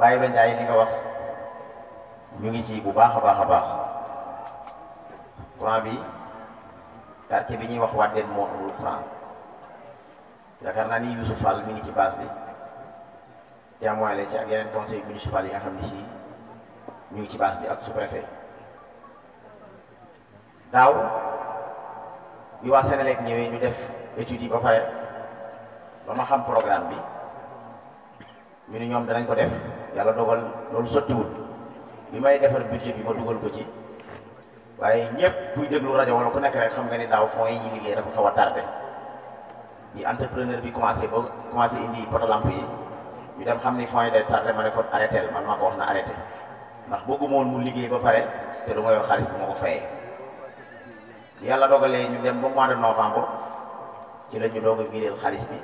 bàyyi ba njaay li nga wax ñu ngi ci bu baax a baax a baax courant bi quartier bi ñuy wax Wadeen moo amul courant yaakaar naa ni Youssouf Fall mi ngi ci base bi témoin la ci ak yeneen conseil municipal yi nga xam ne si ñu ngi ci base bi ak sous-préfet daaw bi waa lek ñëwee ñu def étude yi ba pare ba ma xam programme bi ñu ne ñoom danañ ko def yàlla dogal loolu sottiwul bi may defar budget bi ma dugal ko ci waaye ñëpp kuy déglu rajo wala ku nekk rek xam nga ni daaw fonds yi ñu liggéey dafa xaw a tardé bi entrepreneur bi commencé ba commencé indi poto lamp yi ñu dem xam ni fonds yi day tardé ma ne ko arrêté man maa ko wax na arrêté ndax bëgguma woon mu liggéey ba pare te du ma yor xaalis bu ma ko fayee yàlla dogalee ñu dem ba mois de novembre ci la ñu doog a biireel xaalis bi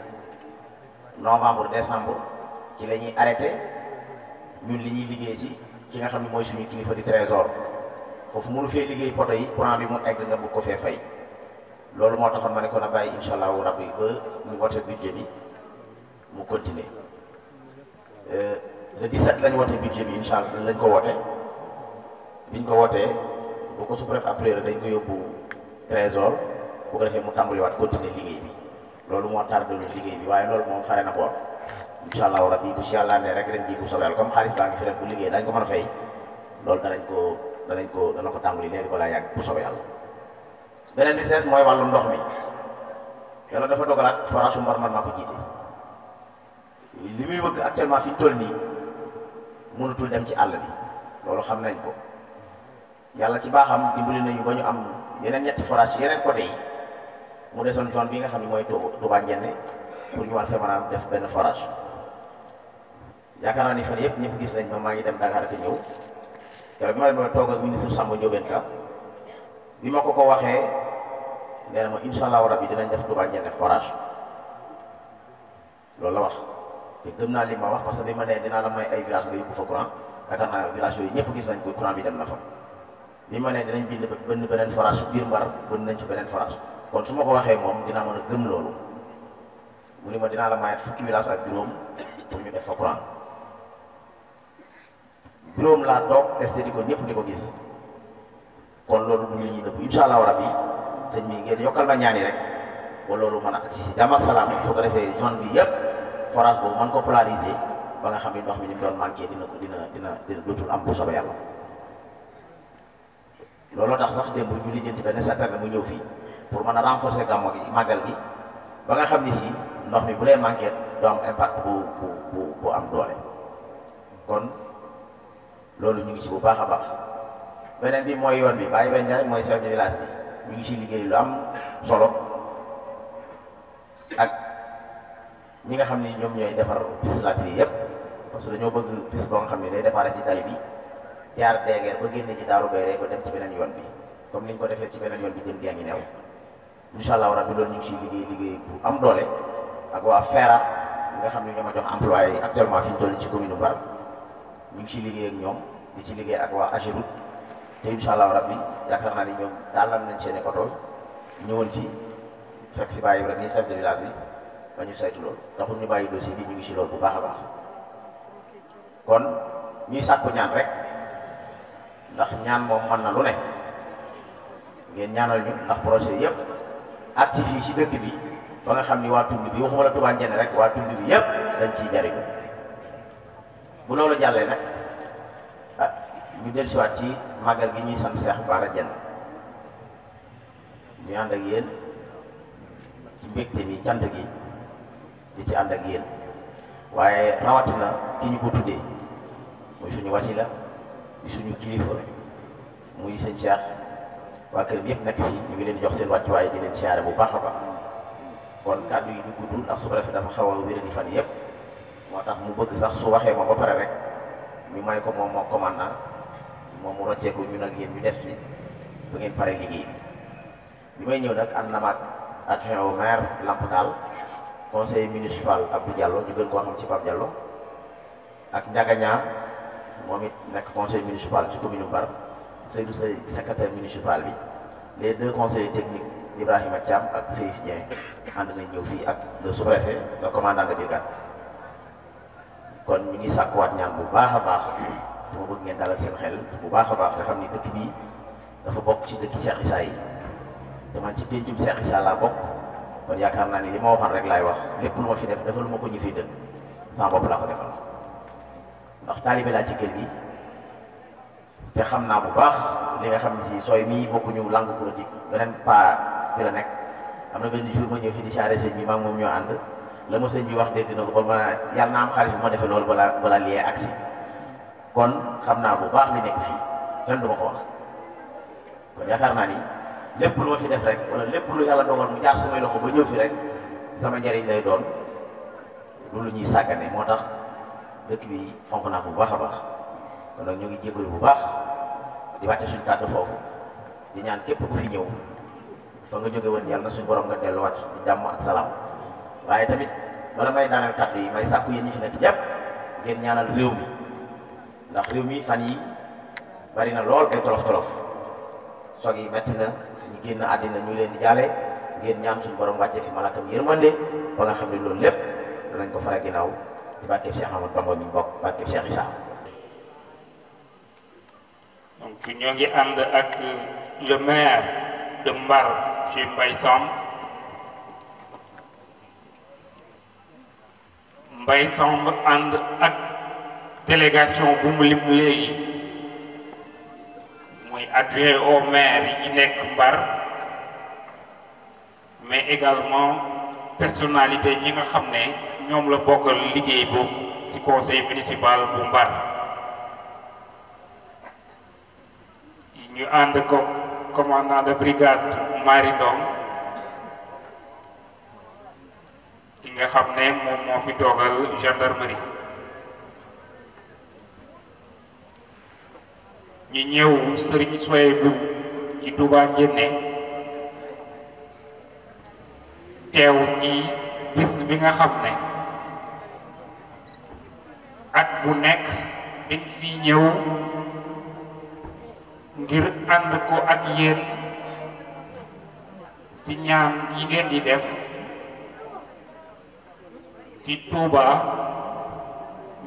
novembre décembre ci la ñuy arrêté ñun li ñuy liggéey ci ki nga xam ne mooy suñu kilifa di trésor foofu mënu fee liggéey poto yi courant bi mu egg nga bëgg ko fee fay loolu moo taxoon ma ne ko na bàyyi incha allahu rabbi ba ñu wote budget bi mu continuer euh, le 17 lañ wote budget bi incha allah lañ ko wote biñ ko wotee bu ko sous-préfet après dañ ko yóbbu trésor bu ko defee mu tàmbaliwaat continuer liggéey bi loolu moo ñu liggéey bi waaye loolu moom fare na boor inchallahu rabbi bu si yàlla ne rek ren ji bu soobee comme xaalis baa ngi fi rek bu liggéey dañ ko mën a fay loolu danañ ko danañ ko dana ko tàmbali léegi balaa yàgg bu soobee yàlla beneen bi sees mooy wàllu ndox mi yàlla dafa dogalaat forage Mbar man maa ko jiite bëgg actuellement ya, fi toll nii mënatul dem ci àll bi loolu xam nañ ko yàlla ci baaxam dimbali nañu ba am yeneen ñetti forage yeneen côté yi mu desoon zone bi nga xam pour ñu def forage yaakaar ni ne yep ñep gis nañ ma maa ngi dem Dakar ci ñew keroog ma ma demee ak ministre sambu Ndiobène Ka bi mako ko ko waxee ma inshallah rabbi dinañ def tuba Ndiéné forage loolu la wax te gëm na li ma wax parce que bi ma nee dinaa la may ay village bu yóbbu fa courant yaakaar naa village yu ñep gis nañ ko courant bi dem na fa bi ma nee dinañ bind bënn benen forage bir Mbar bënn nañ ci benen forage kon suma ko waxee mom dina mëna gëm loolu mu ni ma dina la may fukki village ak juroom pour ñu def fa courant juróom laa toog testé di ko ñëpp di ko gis kon loolu du lu ñuy nëbb incha allahu rabbi sëñ bi ngeen yokkal ma ñaani rek ba loolu mën a si jàmm ak salaam su ko defee zone bi yëpp forage boobu mën ko polariser ba nga xam ne ndox mi ni mu doon manqué dina ko am bu soobee yàlla. tax sax démb ñu lijjanti mu ñëw fii pour mën a renforcer gàmmo gi màggal ba nga xam ni si ndox mi bu lay manqué doo am impact bu bu bu am doole kon. loolu ñu ngi si bu baax a baax beneen bi mooy yoon bi Baye Ben Ndiaye mooy chef de village bi ñu ngi ci liggéey lu am solo ak ñi nga xam ni ñoom ñooy defar piste latérite yépp parce que dañoo bëgg piste boo nga xam ne day départ ci tali bi jaar deegeer ba génn ci daaru béy ba dem ci beneen yoon bi comme ni ñu ko defee ci beneen yoon bi jëm gee ngi neew incha allah rabbi loolu ñu ngi ciy liggéey liggéey bu am doole ak waa FERA nga xam ni ñoo ma jox employé yi actuellement fi ñu toll ci commune Mbar. ñu ngi liggéey ak ñoom di ci liggéey ak waa Ageroute te incha allah rabbi yaakaar naa ni ñoom tàllal nañ seeni oto ñëwoon fii fekk fi bàyyi rek nii chef bi ba ñu saytu loolu taxul ñu bàyyi dossier bi ñu ngi si lool bu baax a baax kon ñuy sàkku ñaan rek ndax ñaan moom mën na lu ne ngeen ñaanal ñu ndax projet yëpp ak si fii si dëkk bi ba nga xam ni waa tund bi waxuma la Touba Ndiéné rek waa tund bi yëpp dañ ciy jariñu bu loolu jàllee nag ah ñu dellusiwaat ci màggal gi ñuy sant Cheikh Bara Diène ñu ànd ak yéen ci mbégte mi cant gi di ci ànd ak yéen waaye rawatina ki ñu ko tuddee muy suñu wasila muy suñu kilifa muy sëñ Cheikh waa kër yëpp nekk fii ñu ngi leen jox seen wàccuwaay di leen siyaare bu baax a baax kon kàddu yi ñu guddul ak su ko defee dafa xaw a wéradi fan yëpp. motax mu bëgg sax su waxé mako paré rek ñu may ko mom mo commandant mom mu ko ñun ak yeen ñu def ci bu ngeen paré liggéey bi may ñëw nak an namat ak xéw maire Lamp dal conseil municipal Abdou Diallo ñu gën ko xam ci Pape Diallo ak ñaga Niang momit nek conseil municipal ci commune bar Seydou Sey secrétaire municipal bi les deux conseillers techniques Ibrahima Thiam ak Seif Dieng and nañ ñëw fi ak le sous-préfet le ya. commandant de brigade kan. kon ñu ngi sàkkuwaat ñaan bu baax a baax dama bëgg ngeen dalal seen xel bu baax a baax te xam ni dëkk bii dafa bokk ci dëkki Cheikh Issa te man ci péncum Cheikh Issa laa bokk kon yaakaar naa ni li ma waxoon rek laay wax lépp lu ma fi def defalu ma ko ñu fiy dëkk sama bopp laa ko defal ndax taalibe laa ci kër gi te xam naa bu baax li nga xam ne si sooy mii bokkuñu langue politique beneen pa bi la nekk am na benn jour ma ñëw fi di saare sëñ bi maa moom ñoo ànd la ma sëñ bi wax dégg na ko ba ma yàlla na am xaalis bu ma defee loolu balaa balaa liyee agsi kon xam naa bu baax li nekk fii kenn du ma ko wax kon yaakaar naa ni lépp lu ma fi def rek wala lépp lu yàlla dogal mu jaar samay loxo ba ñëw fi rek sama njariñ lay doon lu lu ñuy sàggane moo tax dëkk bi fonk naa bu baax a baax kon nag ñu ngi jégalu bu baax di wàcce suñ kàddu foofu di ñaan képp ku fi ñëw fa nga jóge woon yàlla na suñ borom nga delluwaat ci jàmm ak salaam waaye tamit bala may daaneel kàddu yi may sàkku yéen ñi fi nekk jàpp ngeen ñaanal réew mi ndax réew mi fan yi bari na lool ay tolof tolof soog yi metti na ñi génn àddina ñu leen di jaale ngeen ñaan suñu borom wàccee fi malakam yërmande ba nga xam ne loolu lépp danañ ko a ginnaaw ci barkeb Cheikh Amadou Bamba mi bokk barkeb Cheikh Issa donc ñoo ngi ànd ak le maire de Mbar ci Mbaye Samb and ak délégation bu mu lim léegi adjoint au maire yi nekk Mbar mais également personnalité ñi nga xam ne ñoom la bokkal liggéey bu ci conseil municipal bu Mbar ñu ànd ko commandant de brigade Maridon nga xam ne moom moo fi toogal gendarmerie ñu ñëw sëriñ soye bu ci Touba Njéené teew ci bis bi nga xam ne at bu nekk dañ fi ñëw ngir ànd ko ak yéen ci ñaan yi ngeen di def ci Touba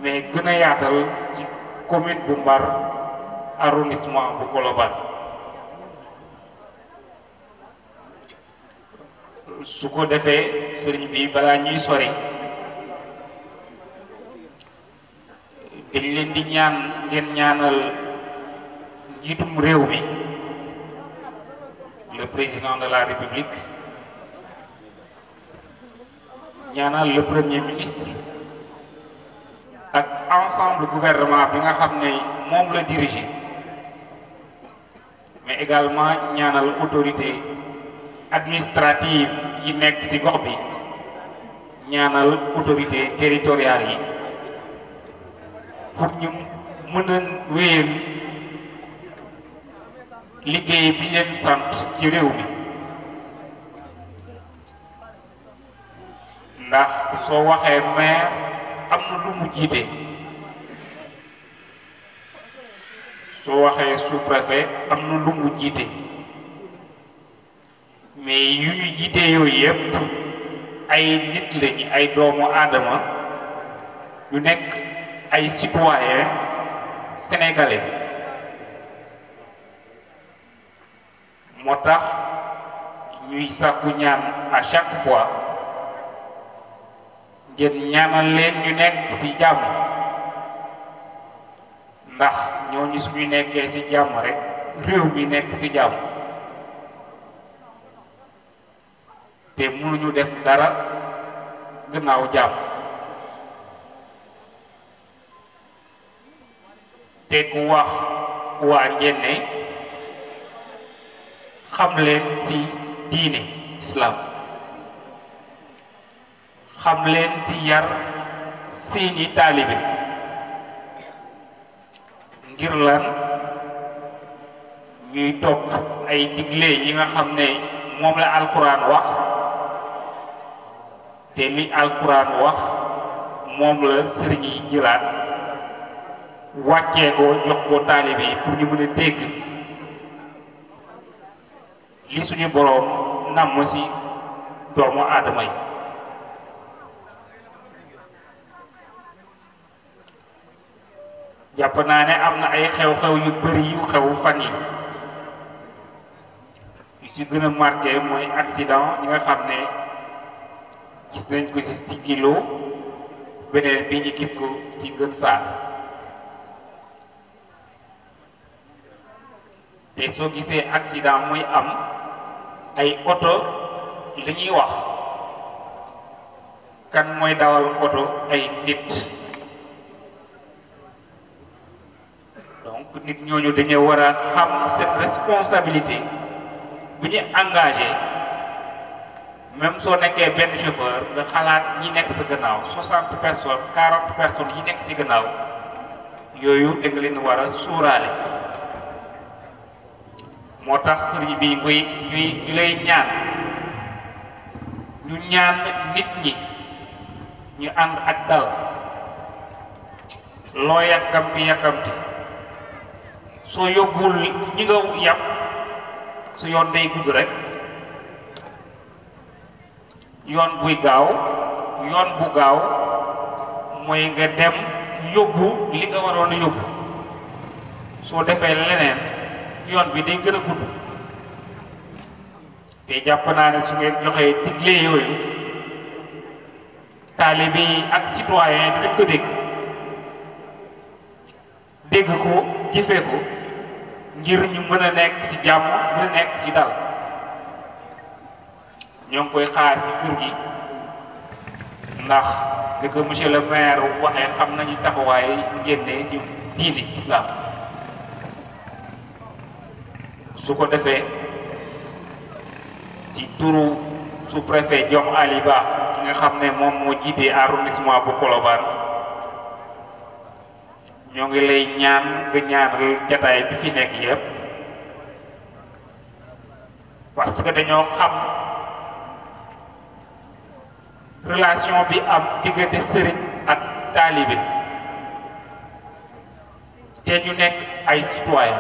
mais gën a yaatal ci commune bu Mbar arrondissement bu Colobane su ko defee sëriñ bi balaa ñuy sori dañ leen di ñaan ngeen ñaanal njiitum réew bi le président de la république ñaanal le premier ministre ak ensemble gouvernement bi nga xam ne moom la dirigé mais également ñaanal autorité administrative yi nekk ci gox bi ñaanal autorité territoriale yi pour ñu mën a wéyal liggéey bi leen sant ci réew mi ndax soo waxee maire am na lu jiite soo waxee su préfet am na lumu jiite mais yu ñu jiite yooyu yëpp ay nit lañu ay doomu aadama yu nekk ay citoyen sénégalais moo tax ñuy sàkku ñaan à chaque fois yéen ñaanal leen ñu nekk ci jàmm ndax ñooñu suñu nekkee ci jàmm rekk réew mi nekk ci jàmm te mënuñu def dara gannaaw jàmm te ku wax waa njenne xam leen ci diine islam xam leen ci yar seeni taalibe ngir lan ñuy topp ay digle yi nga xam ne moom la alxuraan wax te li alquran wax moom la sëriñ yi jëlaat wàccee ko ko taalibe pour ñu mën a dégg li suñu boroom namm ci doomu aadama yi jàpp naa ne am na ay xew-xew yu bëri yu xew fan yi yu ci gën a mooy accident yi nga xam ne gis nañ ko ci Sikilo beneen bi ñu gis ko ci gën saar te soo gisee accident muy am ay oto li ñuy wax kan mooy dawal oto ay nit donc nit ñooñu dañoo war a xam cette responsabilité bu ñu engagé même soo nekkee benn chauffeur nga xalaat ñi nekk sa gannaaw soixante personnes quarante personnes yi nekk ci gannaaw yooyu da nga leen war a suuraale moo tax sëriñ bi muy ñuy ñu lay ñaan ñu ñaan nit ñi ñu ànd ak dal loo yàkkamti yàkkamti soo yóbbuwul ñi nga yàpp su yoon day gudd rek yoon buy gaaw yoon bu gaaw mooy nga dem yóbbu li nga waroon a yóbbu soo defee leneen yoon bi day gën a gudd te jàpp naa ne su ngeen joxee digle yooyu taalibe yi ak citoyen dañ ko dégg dégg ko jëfee ko ngir ñu mën a nekk ci jàmm mën nekk ci dal ñoo koy xaar ci kër gi ndax li ko monsieur le maire waxee xam nañu taxawaay ngeen ne ci diini islam su ko defee ci turu sous-préfet Diom Ali ki nga xam ne moom moo jiite arrondissement bu Colobane ñoo ngi lay ñaan nga ñaanal jataay bi fi nekk yëpp parce que dañoo xam relation bi am diggante sëriñ ak taalibe te ñu nekk ay citoyen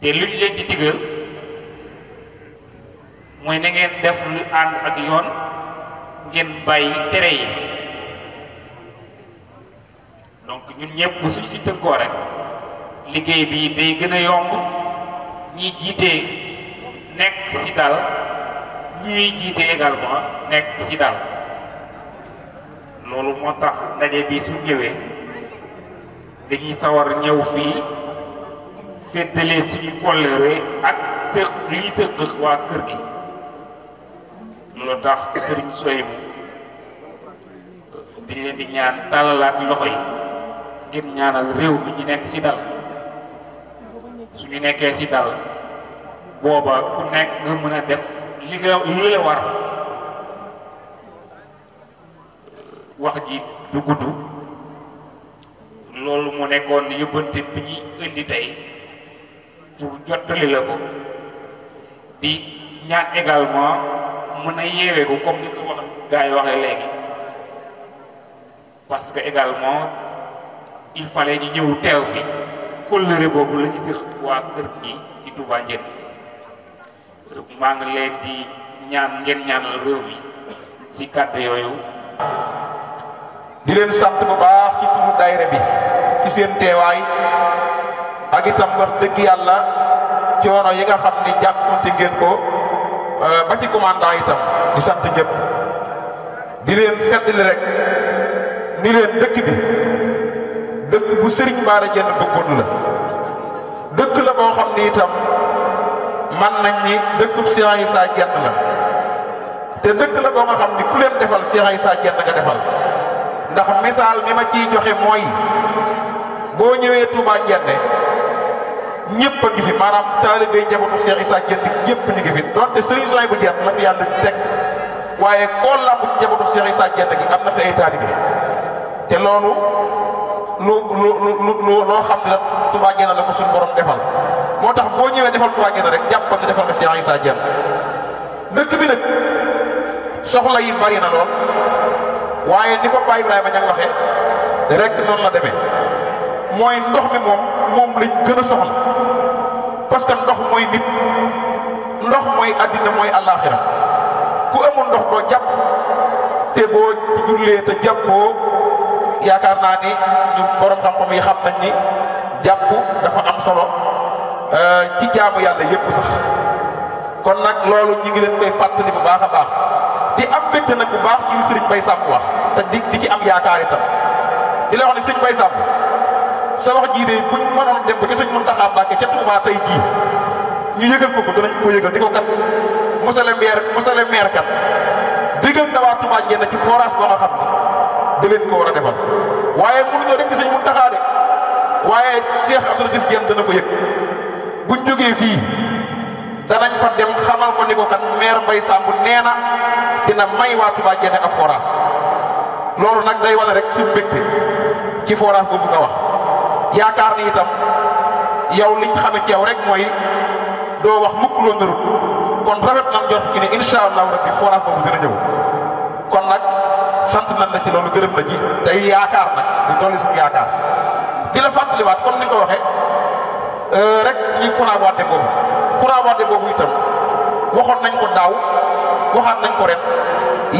te luñ leen di digal mooy na ngeen def lu ànd ak yoon ngeen bàyyi tere yi donc ñun ñëpp suñu ci tënkoo rek liggéey bi day gën a yomb ñi jiitee nekk ci dal ñuy jiite également nekk ci dal loolu moo tax ndaje bi su ñëwee dañuy sawar ñëw fi féttalee suñu kollëre ak sëq lii sëq waa kër gi loolu tax sëriñ soy mu dañ leen di ñaan talalaat loxo yi ngir ñaanal réew mi ñu nekk ci dal suñu nekkee ci dal booba ku nekk nga mën a def li nga lu la war wax ji du gudd loolu mu nekkoon yóbbante bi ñuy indi tey pour jottali la ko di ñaan également mën a yeewee ko comme ni ko wax gaa yi léegi parce également il fallait ñu ñëw teew fi kóllëre boobu la ñu waa kër gi ci Touba Ndiène maa ngi leen di ñaan ngeen ñaanal réew mi ci kàddu yooyu di leen sant bu baax ci turu daayira bi ci seen teewaay ak itam wax dëgg yàlla coono yi nga xam ni jàppante ngeen ko euh, ba ci commandant itam di sant ñëpp di leen fàttali rek ni leen dëkk bi dëkk bu Serigne Bara Diène bëggoon la dëkk la boo xam ni itam man nañ ni dëkkub Cheikh Issa Diène la te dëkk la koo nga xam ni ku leen defal Cheikh Issa Diène nga defal ndax misaal bi ma ciy joxe mooy boo ñëwee Touba Diène ñëpp a ngi fi maanaam taalibe njabootu Cheikh Issa Diène ñëpp ñu ngi fi donte Serigne Souhaï bu Diène la fi yàlla teg waaye koo làmb ci njabootu Cheikh gi am na fi ay taalibe te loolu. lu lu lu lu loo xam ne Touba Guéna la ko suñu borom defal moo tax boo ñëwee defal Touba Guéna rek jàppal ci defal ko Cheikh Issa Diène dëkk bi nag soxla yi bari na lool waaye ni ko Baye Ibrahima ña waxee rek noonu la demee mooy ndox mi moom moom lañ gën a soxla parce que ndox mooy nit ndox mooy àddina mooy àllaaxira ku amul ndox doo jàpp te boo jullee te jàppoo. yaakaar naa ni ñu borom xam-xam yi xam nañ ni jàpp dafa am solo euh, ci jaamu yàlla yépp sax kon nag loolu ñu ngi leen koy fàttali bu baax a baax di am mbégte nag bu baax ci sëriñ Bay Samb wax te di di ci am yaakaar itam di la wax ne sëriñ Bay Samb sa wax jii de buñ mënoon dem ba ci sëriñ Muntaxa Mbàkke ca Tuubaa tey jii ñu yëgal ko ko danañ ko yëgal di ko kat monsieur le maire monsieur kat digal na waa ci forage boo nga xam ne da leen ko war a defal waaye mënuñoo dem ci sëñ Muntaxa de waaye Cheikh Abdou Latif Diène dana ko yëg buñ jógee fii danañ fa dem xamal ko ni ko kat maire Mbaye Samb nee na dina may waa Touba Diène ak forage loolu nag day wane rek suñu mbégte ci forage boobu nga wax yaakaar ni itam yow liñ xame ci yow rek mooy doo wax mukk loo nërut kon rafet na jot ci ne incha allah rabbi forage boobu dina ñëw kon nag. sant nan na ci loolu gërëm la ji tey yaakaar nag di dolli suñu yaakaar di la fàttaliwaat comme ni nga ko waxee euh, rek ci courant waate boobu courant waate boobu itam waxoon nañ ko daaw waxaat nañ ko ren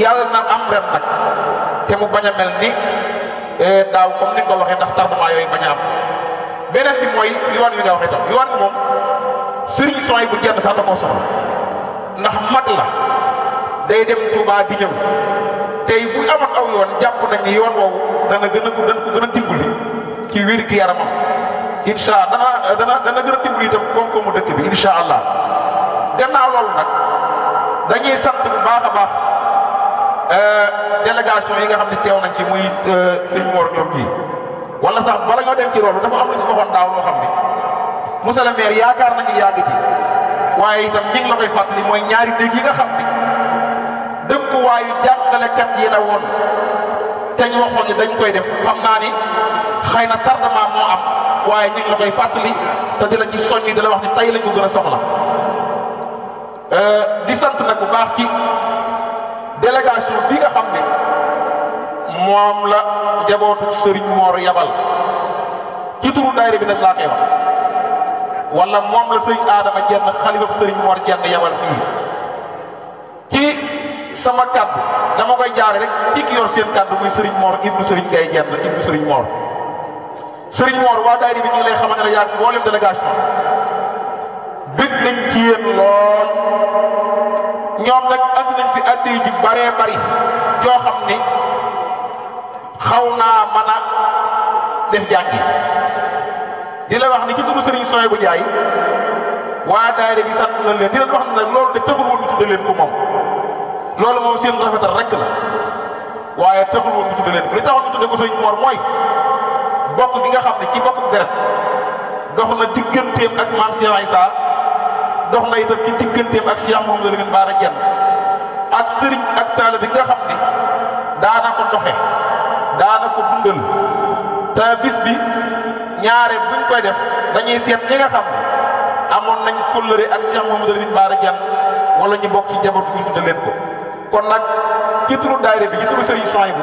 yàlla na am ren nag te mu bañ a mel ni euh, daaw comme ni nga ko waxee ndax tardement yooyu a am beneen bi mooy yoon wi nga waxee tam yoon moom sëriñ son yi bu jenn sax da koo soxla ndax mag la day dem Touba di ñëw tey bu amoon aw yoon jàpp nañ ni yoon woowu dana gën a dana ko gën a dimbali ci wér gi yaramam incha allah dana dana gën a dimbali itam koom-koomu dëkk bi incha allah gannaaw loolu nag dañuy sant bu baax a baax euh, délégation yi nga xam ne teew nañ ci muy euh, sëñ Mor Diop yi wala sax bala ñoo dem ci loolu dafa am lu ñu waxoon daaw loo xam ne monsieur le maire yaakaar yàgg ci waaye itam ñi ngi la koy fàttali mooy ñaari dëkk yi nga xam taxawaayu jàngalekat yi la woon te ñu waxoon ni dañ koy def xam naa ni xëy na tardement moo am waaye ñu ngi koy fàttali te di la ci soññi di la wax ni tey lañ ko a soxla euh, di sant nag bu baax ci délégation bi nga xam ne moom la jabootu sëriñ Mor yabal ci turu daayira bi nag laa koy wax moom la sëriñ Adama jenn xalifa sëriñ Mor jenn yabal fii ci sama kàddu dama koy jaare rek ci ki seen kàddu muy Serigne Mor ibnu Serigne kay Diène la ibnu Serigne Mor Serigne Mor waa daayira bi ñu ngi lay xamante ne yaa ngi mboolem délégation bëgg nañ ci yéen lool yoo xam ni xaw naa mën a def jàngi di wax ni ci turu Serigne Soye bu Ndiaye waa daayira bi sant na leen di leen wax ne loolu de taxul woon ñu tuddee leen ko moom. loolu mom seen rafetal rek la waye taxul mom ñu tudde li taxul ñu tudde ko sëñ Mor moy bokk gi nga xamne ci bokk deret dox na digganteem ak maam Cheikh Issa dox na itam ci digganteem ak Cheikh Mouhamadou ngeen Bara jenn ak serigne ak talib nga xamne da na ko da na ko dundal ta bis bi ñaare buñ koy def dañuy seet ñi nga xamne amon nañ ko leure ak Cheikh Mouhamadou ngeen Bara jenn wala ñu bokk ci jabar ñu tudde len ko kon nak ci turu daire bi ci turu sëriñ soin bu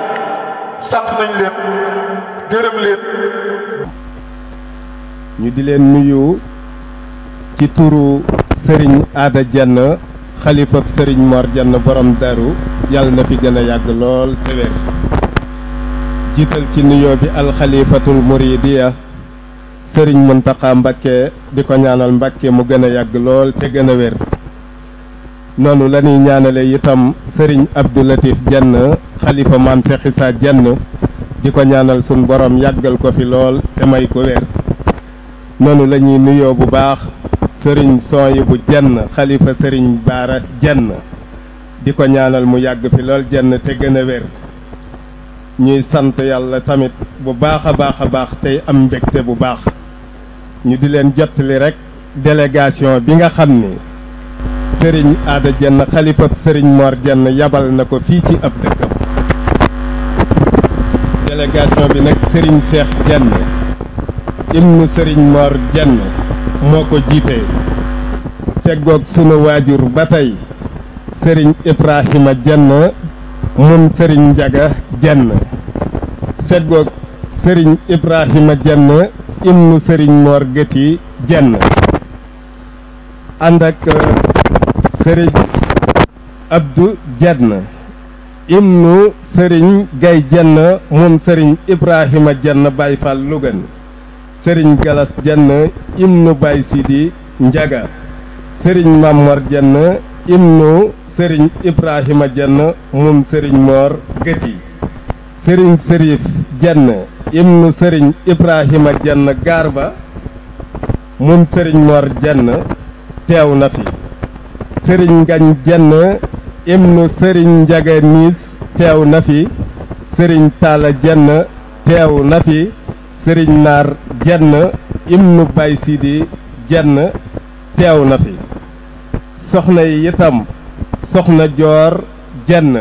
sant nañ leen gërëm leen ñu di leen nuyu ci turu sëriñ ada jenn khalifa mor jenn borom daru yalla na fi gëna yag lool tewé wér ci nuyoo bi khalifatul muridiya sëriñ muntaxa mbakke di ko ñaanal mungkin mu gelol, a noonu la ñuy ñaanale itam sëriñ Abdou Latif Diène xalifa maam Cheikh jenn di ko ñaanal suñ borom yàggal ko fi lool te may ko wér noonu la nuyoo bu baax sëriñ bu jenn xalifa sëriñ Baara Diène di ko ñaanal mu yàgg fi lool jenn te gëna a wér ñuy sant yàlla tamit bu baax a baax a baax tey am mbégte bu baax ñu di leen jottali rekk délégation bi nga xam ni sëriñ aada jenn xalifab sëriñ moor jenn yabal na ko fii ci ab dëkkam délégation bi nag sëriñ seex jenn ibnu sëriñ moor jenn moo ko jiite feggoog sunu waajur ba tey sëriñ ibrahima jenn mun sëriñ njaga jenn feggoog sëriñ ibrahima jenn ibnu sëriñ moor gëti jenn sëriñ Abdou Jenn ibnu sëriñ Gay Jenn moom sëriñ Ibrahima Jenn Baay Lugan sëriñ Galas Jenn ibnu Baay Sidi Njaga sëriñ Mamor Jenn ibnu sëriñ Ibrahima Jenn moom sëriñ Moor Gëti sëriñ Sërif Jenn ibnu sëriñ Ibrahima Jenn Garba moom sëriñ Moor Jenn teew na fi sëriñ Ngagne Diène ibnu sëriñ Ndiaga Niiss teew na fi sëriñ Talla jenn teew na fi sëriñ Naar Diène ibnu Baye Sidi Diène teew na fi soxna yi itam soxna Joor jenn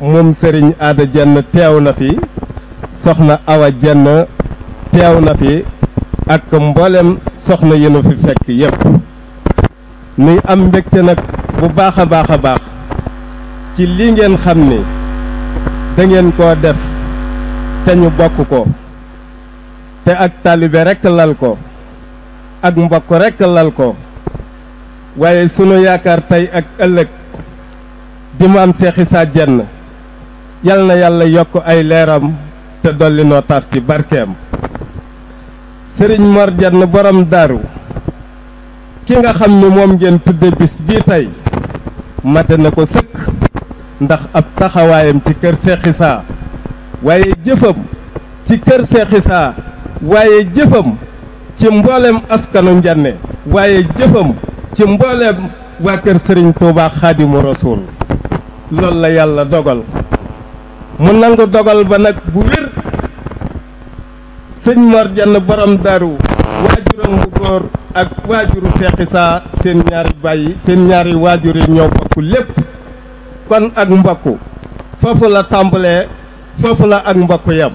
moom sëriñ Aada Diène teew na fi soxna Awa Diène teew na fi ak mboolem soxna yi nu fi fekk yépp nuy am mbégte nag bu baax a baax a baax ci li ngeen da ngeen def te ñu bokk ko te ak taalibe rekk lal ko ak mbokk rekk lal ko waaye sunu yaakaar tey ak ëllëg di mu am seexi saa jenn yal na yàlla yokk ay leram te dolli noo taaf ci barkeem sëriñ Mor Jenn borom daaru ki nga xam ni ngeen tudde bis mate na ko sëkk ndax ab taxawaayam ci kër Seex Isaa waaye jëfam ci kër Seex Isaa waaye jëfam ci mboolem askanu Njanne waaye jëfam ci mboolem waa kër Sëriñ Tuubaa Xaadimu Rasuul loolu la yàlla dogal mu nangu dogal ba nag bu wér sëñ Mor Jann borom Daaru waajuram bu góor ak waajuru Seex seen ñaari bàyyi seen ñaari waajur yi ñoo bokk lépp kon ak mbokku foofu la tàmbalee foofu la ak mbokku yam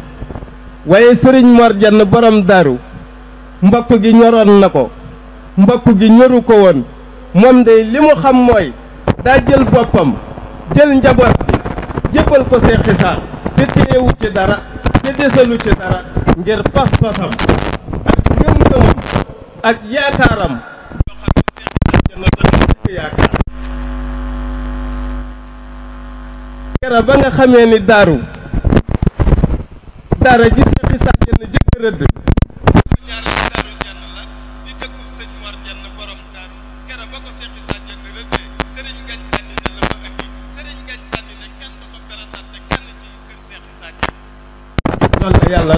waaye sëriñ Mor Jenn borom daaru mbokk gi ñoroon na ko mbokku gi ñoru ko woon moom de li mu xam mooy daa jël boppam jël njaboot bi jébbal ko Seex Isaa te téyewu ci dara te desalu ci dara ngir pas-pasam ak yaakaaram yoo xam ne seen àjjana la njëkk yaakaar kera ba nga xamee ni daaru daara ji seexi sàjjana jëkk rëdd yàlla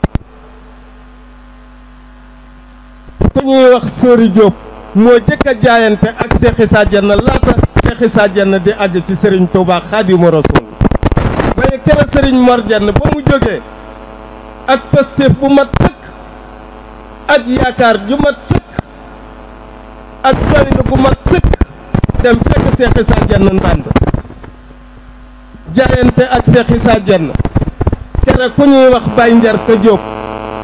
koy wax Sori Diop moo jëkk jaayante ak Cheikh Issa Dienne laata Cheikh Issa Dienne di àgg ci sëriñ Touba Xaadimu Rasuul waaye kere Serigne Mor Dienne ba mu jógee ak pastéef bu mat sëkk ak yaakaar ju mat sëkk ak doylu bu mat sëkk dem fekk Cheikh Issa Dienne ndànd jaayante ak Cheikh Issa Dienne kere ku ñuy wax Baye Njar Ka Diop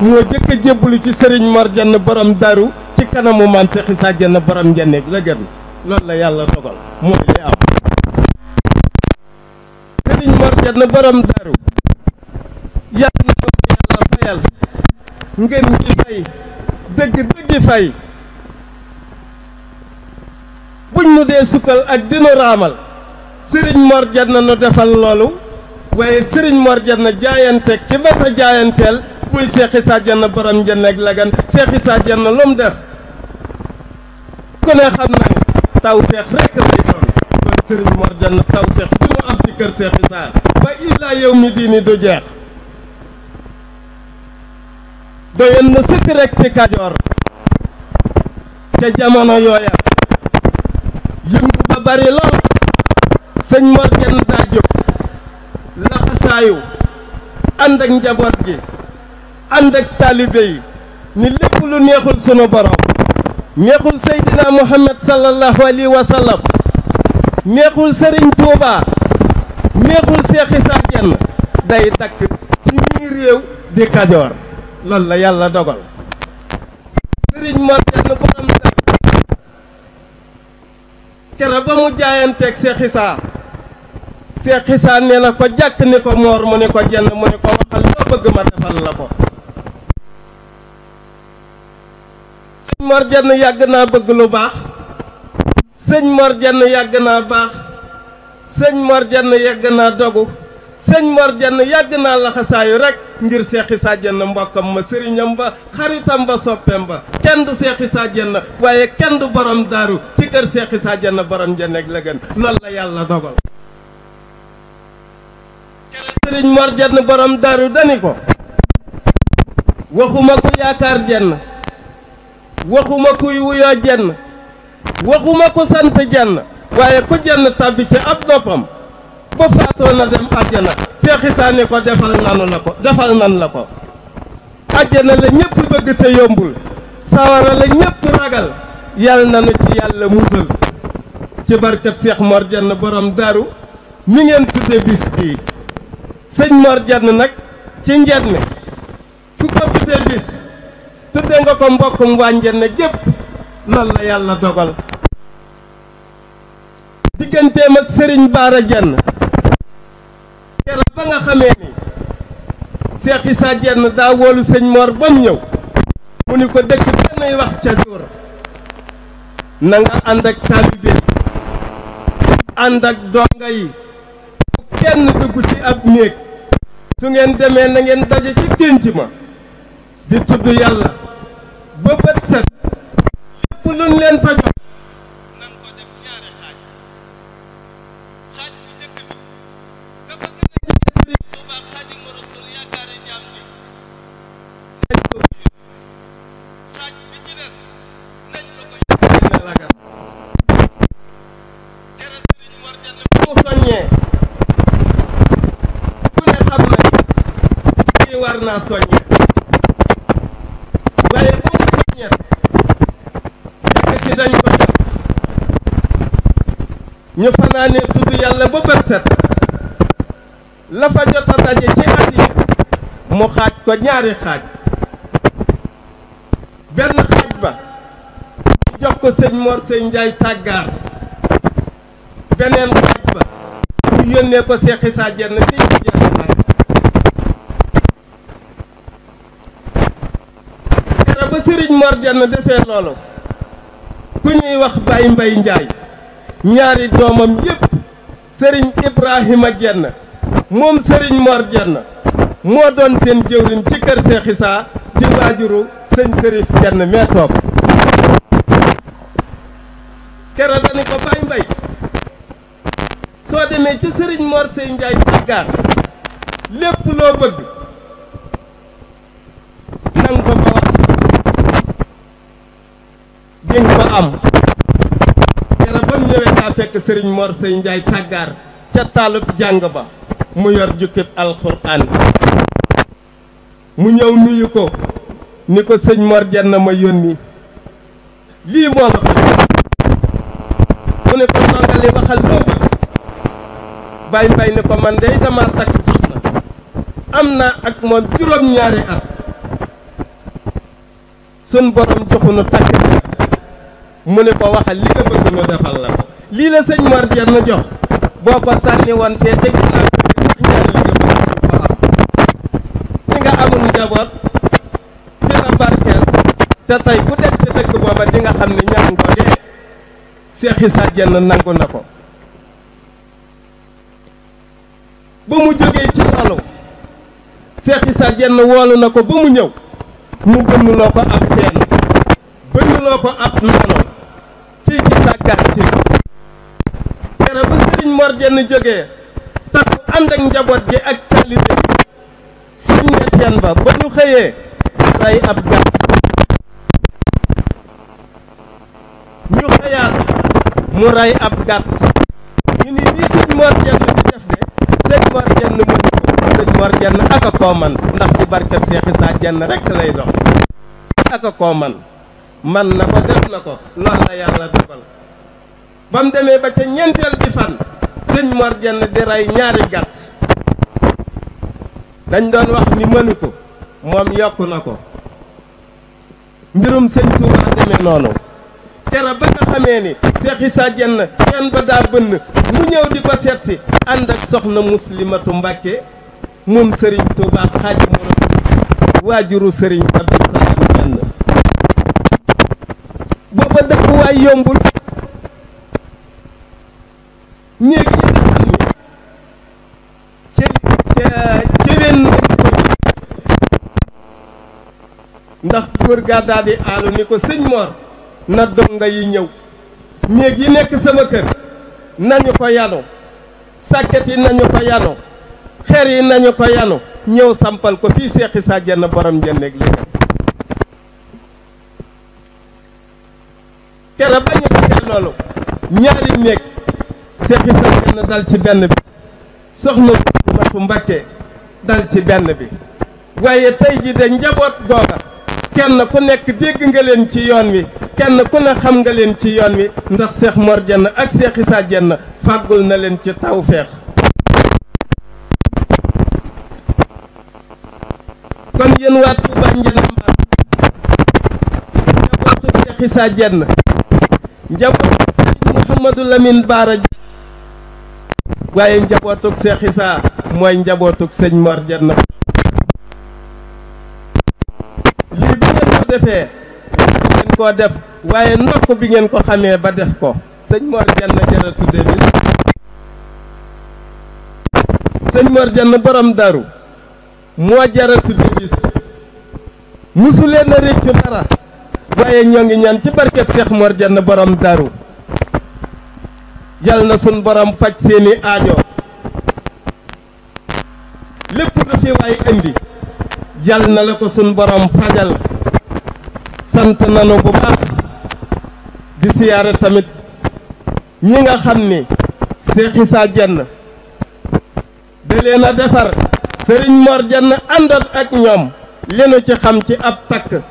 moo jëkk a ci Serigne Mor Dienne borom daru ci kanamu maam Seexi Sàjjana borom njenneeg la gën loolu la yàlla dogal mooy li am sëriñ Mor Jenn borom daru yàlla na ngeen ngi fay dëgg dëggi fay buñ nu dee sukkal ak dinu raamal sëriñ Mor Jenn nu defal loolu waaye sëriñ Mor Jenn jaayanteeg ci bata jaayanteel muy Cheikh Issa Dienne borom njën ak lagan Cheikh Issa Dienne lu mu def ku ne xam na lay doon kon Serigne Mor Dienne tawfeex bi mu am ci kër Cheikh ba illaa yow mi diini du jeex doyoon na sëkk rek ci Kajoor ca jamono yooya yëngu ba bari lool sëñ Mor Dienne daa laxasaayu ànd ak njaboot gi ànd ak taalibe yi ni lépp lu neexul sunu borom neexul Seydina Muhammad sallallahu alayhi wa sallam neexul sëriñ Touba neexul Cheikh Issa Diène day dakk ci mii réew di Kajoor loolu la yàlla dogal Serigne Mor Diène borom kere ba mu jaayanteeg Cheikh Issa Cheikh Issa nee na ko jàkk ni ko moor mu ni ko jenn mu ni ko waxal loo bëgg ma defal la ko Mor Dieng yàgg naa bëgg lu baax sëñ Mor Dieng yàgg naa baax sëñ Mor Dieng yàgg naa sëñ Mor yàgg naa laxasaayu rek ngir Seexi Sàjjenn mbokkam ma sëriñam ba xaritam ba soppeem ba kenn du Seexi Sàjjenn waaye kenn du borom daaru ci kër Seexi Sàjjenn borom njeneeg la gën loolu la yàlla dogal sëriñ Mor Dieng borom daaru dani ko waxuma ko yaakaar jenn waxuma kuy wuyoo jenn waxuma ko sant jenn waaye ku jenn tàbbi ci ab noppam ba faatoo na dem àjjana Seex Isaa ko defal nanu la ko defal nan la ko àjjana la ñëpp bëgg te yombul sawara la ñëpp ragal yal nanu ci yàlla musal ci barkab Seex Mor Jenn borom daru mi ngeen tudde bis bii sëñ Mor Jenn nag ci njenn ku ko tudde bis tudde nga ko mbokkum wànjen na jëpp loolu la yalla dogal digganteem mak sëriñ baara jenn kera ba nga xamé ni Cheikh isa jenn da wolu sëñ Mor bam ñew mu ni ko dëkk wax ca Jóor na nga and ak talibé and ak donga yi kenn duggu ci ab neek su ngeen démé na ngeen dajé ci pénc ma di tudd yàlla ba bët set lépp luñ leen fa jox ko ñaari xaaj benn xaaj ba ñu jox ko sëñ Mor sëñ Njaay tàggaar ba sëriñ Mor Jenn defee loolu ku ñuy wax Baay Mbay Njaay ñaari doomam yépp sëriñ Ibrahima Jenn moom sëriñ Mor Jenn moo doon seen jëwriñ ci kër Cheikh Issa di waajuru sëñ Serif kenn mee toog kero dañu ko bàyyi mbay soo demee ci sëriñ Mor Sey Njaay tàggaar lépp loo bëgg nang ko ko wax di ko am kero ba mu daa fekk sëriñ Mor Sey Njaay tàggaar ca taalub jàng ba mu yor jukkib alxuraan mu ñëw nuyu ko ni ko sëñ Mor Diarra ma yónni lii moo ma ko mu ne ko ndongali waxal loo bay mbay ni ko man day dama takk soxna am naa ak moom juróom-ñaari at sun borom joxunu takk mu ne ko waxal li nga bëgg ñu defal la ko lii la sëñ Mor Diarra jox boo ko sànni woon fee ca ginnaaw njaboot dina barkeel te tey ku dem ci dëkk booba di nga xam ne ñaan googee Cheikh Issa Diène nangu na ko mu jógee ci loolu Cheikh Issa Diène woolu na ko mu ñëw mu bënnuloo ko ab teen bënnuloo ko ab nano ci si Mor ak gi ak teen ba ba ñu xëyee rey ab xëyaat mu rey ab gàtt ñu ni lii sëñ Mor Jenn di def de sëñ Mor Jenn mu sëñ Mor Jenn aka koo man ndax ci barkeb Seex Isaa Jenn rekk lay dox aka koo man man na ko def na ko lool la yàlla defal ba demee ba ca ñeenteel bi fan sëñ Mor Jenn di rey ñaari gàtt dañ doon wax ni mënu ko moom yokk na ko mbirum sëñ Tuubaa demee noonu cere ba nga xamee ni Seex Isaa Jeen teen ba daa bënn mu ñëw di ko seet si ànd ak soxna muslimatu Mbàkke moom sëriñ Tuubaa Xaadimu Rasuul waajuru sëriñ Abdou Salaam Jeen booba dëkkuwaay yombul néeg yi nga xam ni ndax góor gaa daal di aalu ni ko sëñ Mor na donga yi ñëw néeg yi nekk sama kër nañu ko yanu sàkket yi nañu ko yanu xeer yi nañu ko yanu ñëw sampal ko fii seexi sa jenn borom jenneeg léegi kere ba ñu defee loolu ñaari néeg seexi sa jenn dal ci benn bi soxna Matu Mbakke dal ci benn bi waaye tey ji de njaboot googa kenn ku nekk dégg nga leen ci yoon wi kenn ku ne xam nga leen ci yoon wi ndax seex Mor ak Cheikh Issa Diène fàggul na leen ci tawféex kon yenn waa Touba Ndiéné Mbacké njabootu Cheikh Issa Diène njabootu Serigne Mouhamadou Lamine Bara waye njabotuk cheikh isa moy njabotuk seigne Mor Diarra lii bi ngeen ko defé ngeen ko def waye nokku bi ngeen ko xamé ba def ko seigne jara tudde bis seigne Mor borom daru mo jara tudde bis musu leen réccu dara waye ñongi ñaan ci cheikh borom daru yal na sun borom fajj seeni aajo lepp lu fi way indi yal na la ko sun borom fajal sant nanu bu baax di tamit ñi nga xamni Cheikh isa jenn de leena defar Serigne Mor jenn àndoon ak ñom li ci xam ci ab tak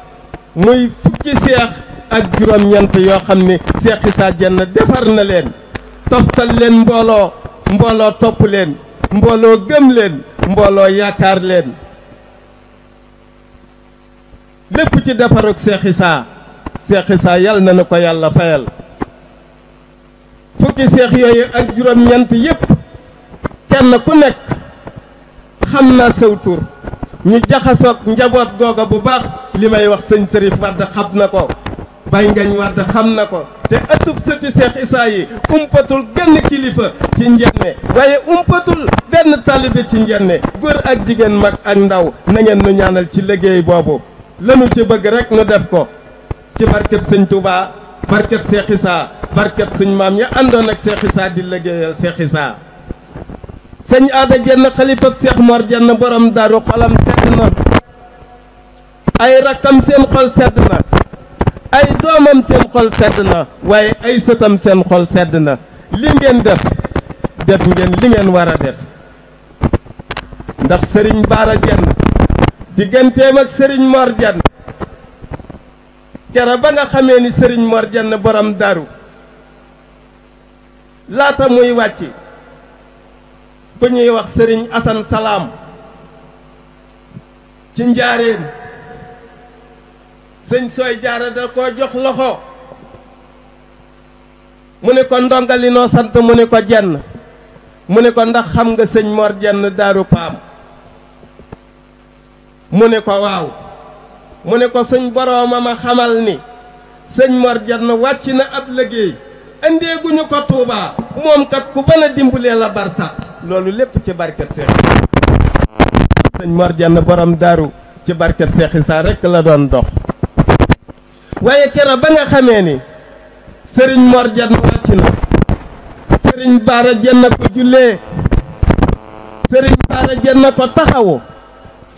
muy fukki cheikh ak juroom ñent yo xamni Cheikh isa jenn defar na leen toftal leen mbooloo mbooloo topp leen mbooloo gëm leen mbooloo yaakaar leen lépp ci defarug Seex Isaa Seex Isaa yal na nu ko yàlla fayal fukki seex yooyu ak juróom-ñeent yépp kenn ku nekk xam na sëw tur ñu jaxasoog njaboot googa bu baax li may wax sëñ Sërif Wàdd xam na ko bay ngañ wadd xam na ko te ëttub sëti Seex Isaa yi umpatul genn kilifa ci njenne waaye umpatul benn taalibe ci njenne góor ak jigéen mag ak ndaw na ngeen nu ñaanal ci liggéey boobu lanu ci bëgg rek nu def ko ci barkeb sëñ Tuubaa barkeb Seex barkeb suñ maam ya àndoon ak Seex Isaa di liggéeyal Seex Isaa sëñ aada jenn xalifab Seex Mor jenn borom daru xolam sedd na ay rakkam seen xol sedd na ay domam seen xol sedd na waaye ay setam seen xol sedd na li ngeen def def ngeen li ngeen wara def ndax serigne bara Jenn digganteem ak serigne Mor Jenn kera ba nga xamee ni serigne Mor Jenn borom daru Lata muy wati bañuy wax serigne Asan salam. ci ndiarene sëñ soy jaara da ko jox loxo mune ko ndonga li mune sant mu ko jenn mune ko ndax xam nga sëñ Mor jenn daru pam mune ko waw mune ko suñ boroomam xamal ni sëñ Mor jenn wàcc na ab ande guñu ko Touba mom kat ku bana dimbulé la barsax lolou lepp ci barket Seex sëñ Mor jenn borom daru ci barket Seex Isaa rek la doon dox waye kera ba nga xamé ni sëriñ Mor jatt na ci na sëriñ Baara Jenn ko jullee sëriñ Baara Jenn ko taxaw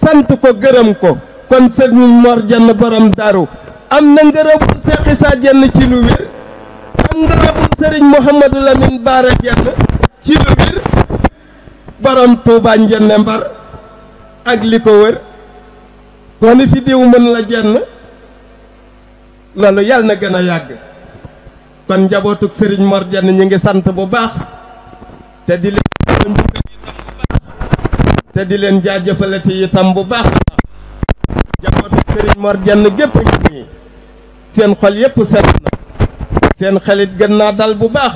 sant ko gërëm ko kon sëriñ Mor Jenn borom daru am na ngërëmul Seex Isaa Jenn ci lu wir am ngërëmul sëriñ Mouhamadou Lamine Baara Jenn ci lu wir borom Touba jenn Mbar ak liko wër koni fi diw mën la jenn loolu yàlla na gën a yàgg kon njabootug Serigne Mor Diagne ñi ngi sant bu baax te di leen itam bu baax itam bu baax njabootug Serigne Mor Diagne gépp ngi nii seen xol yépp sedd na seen xelit gën naa dal bu baax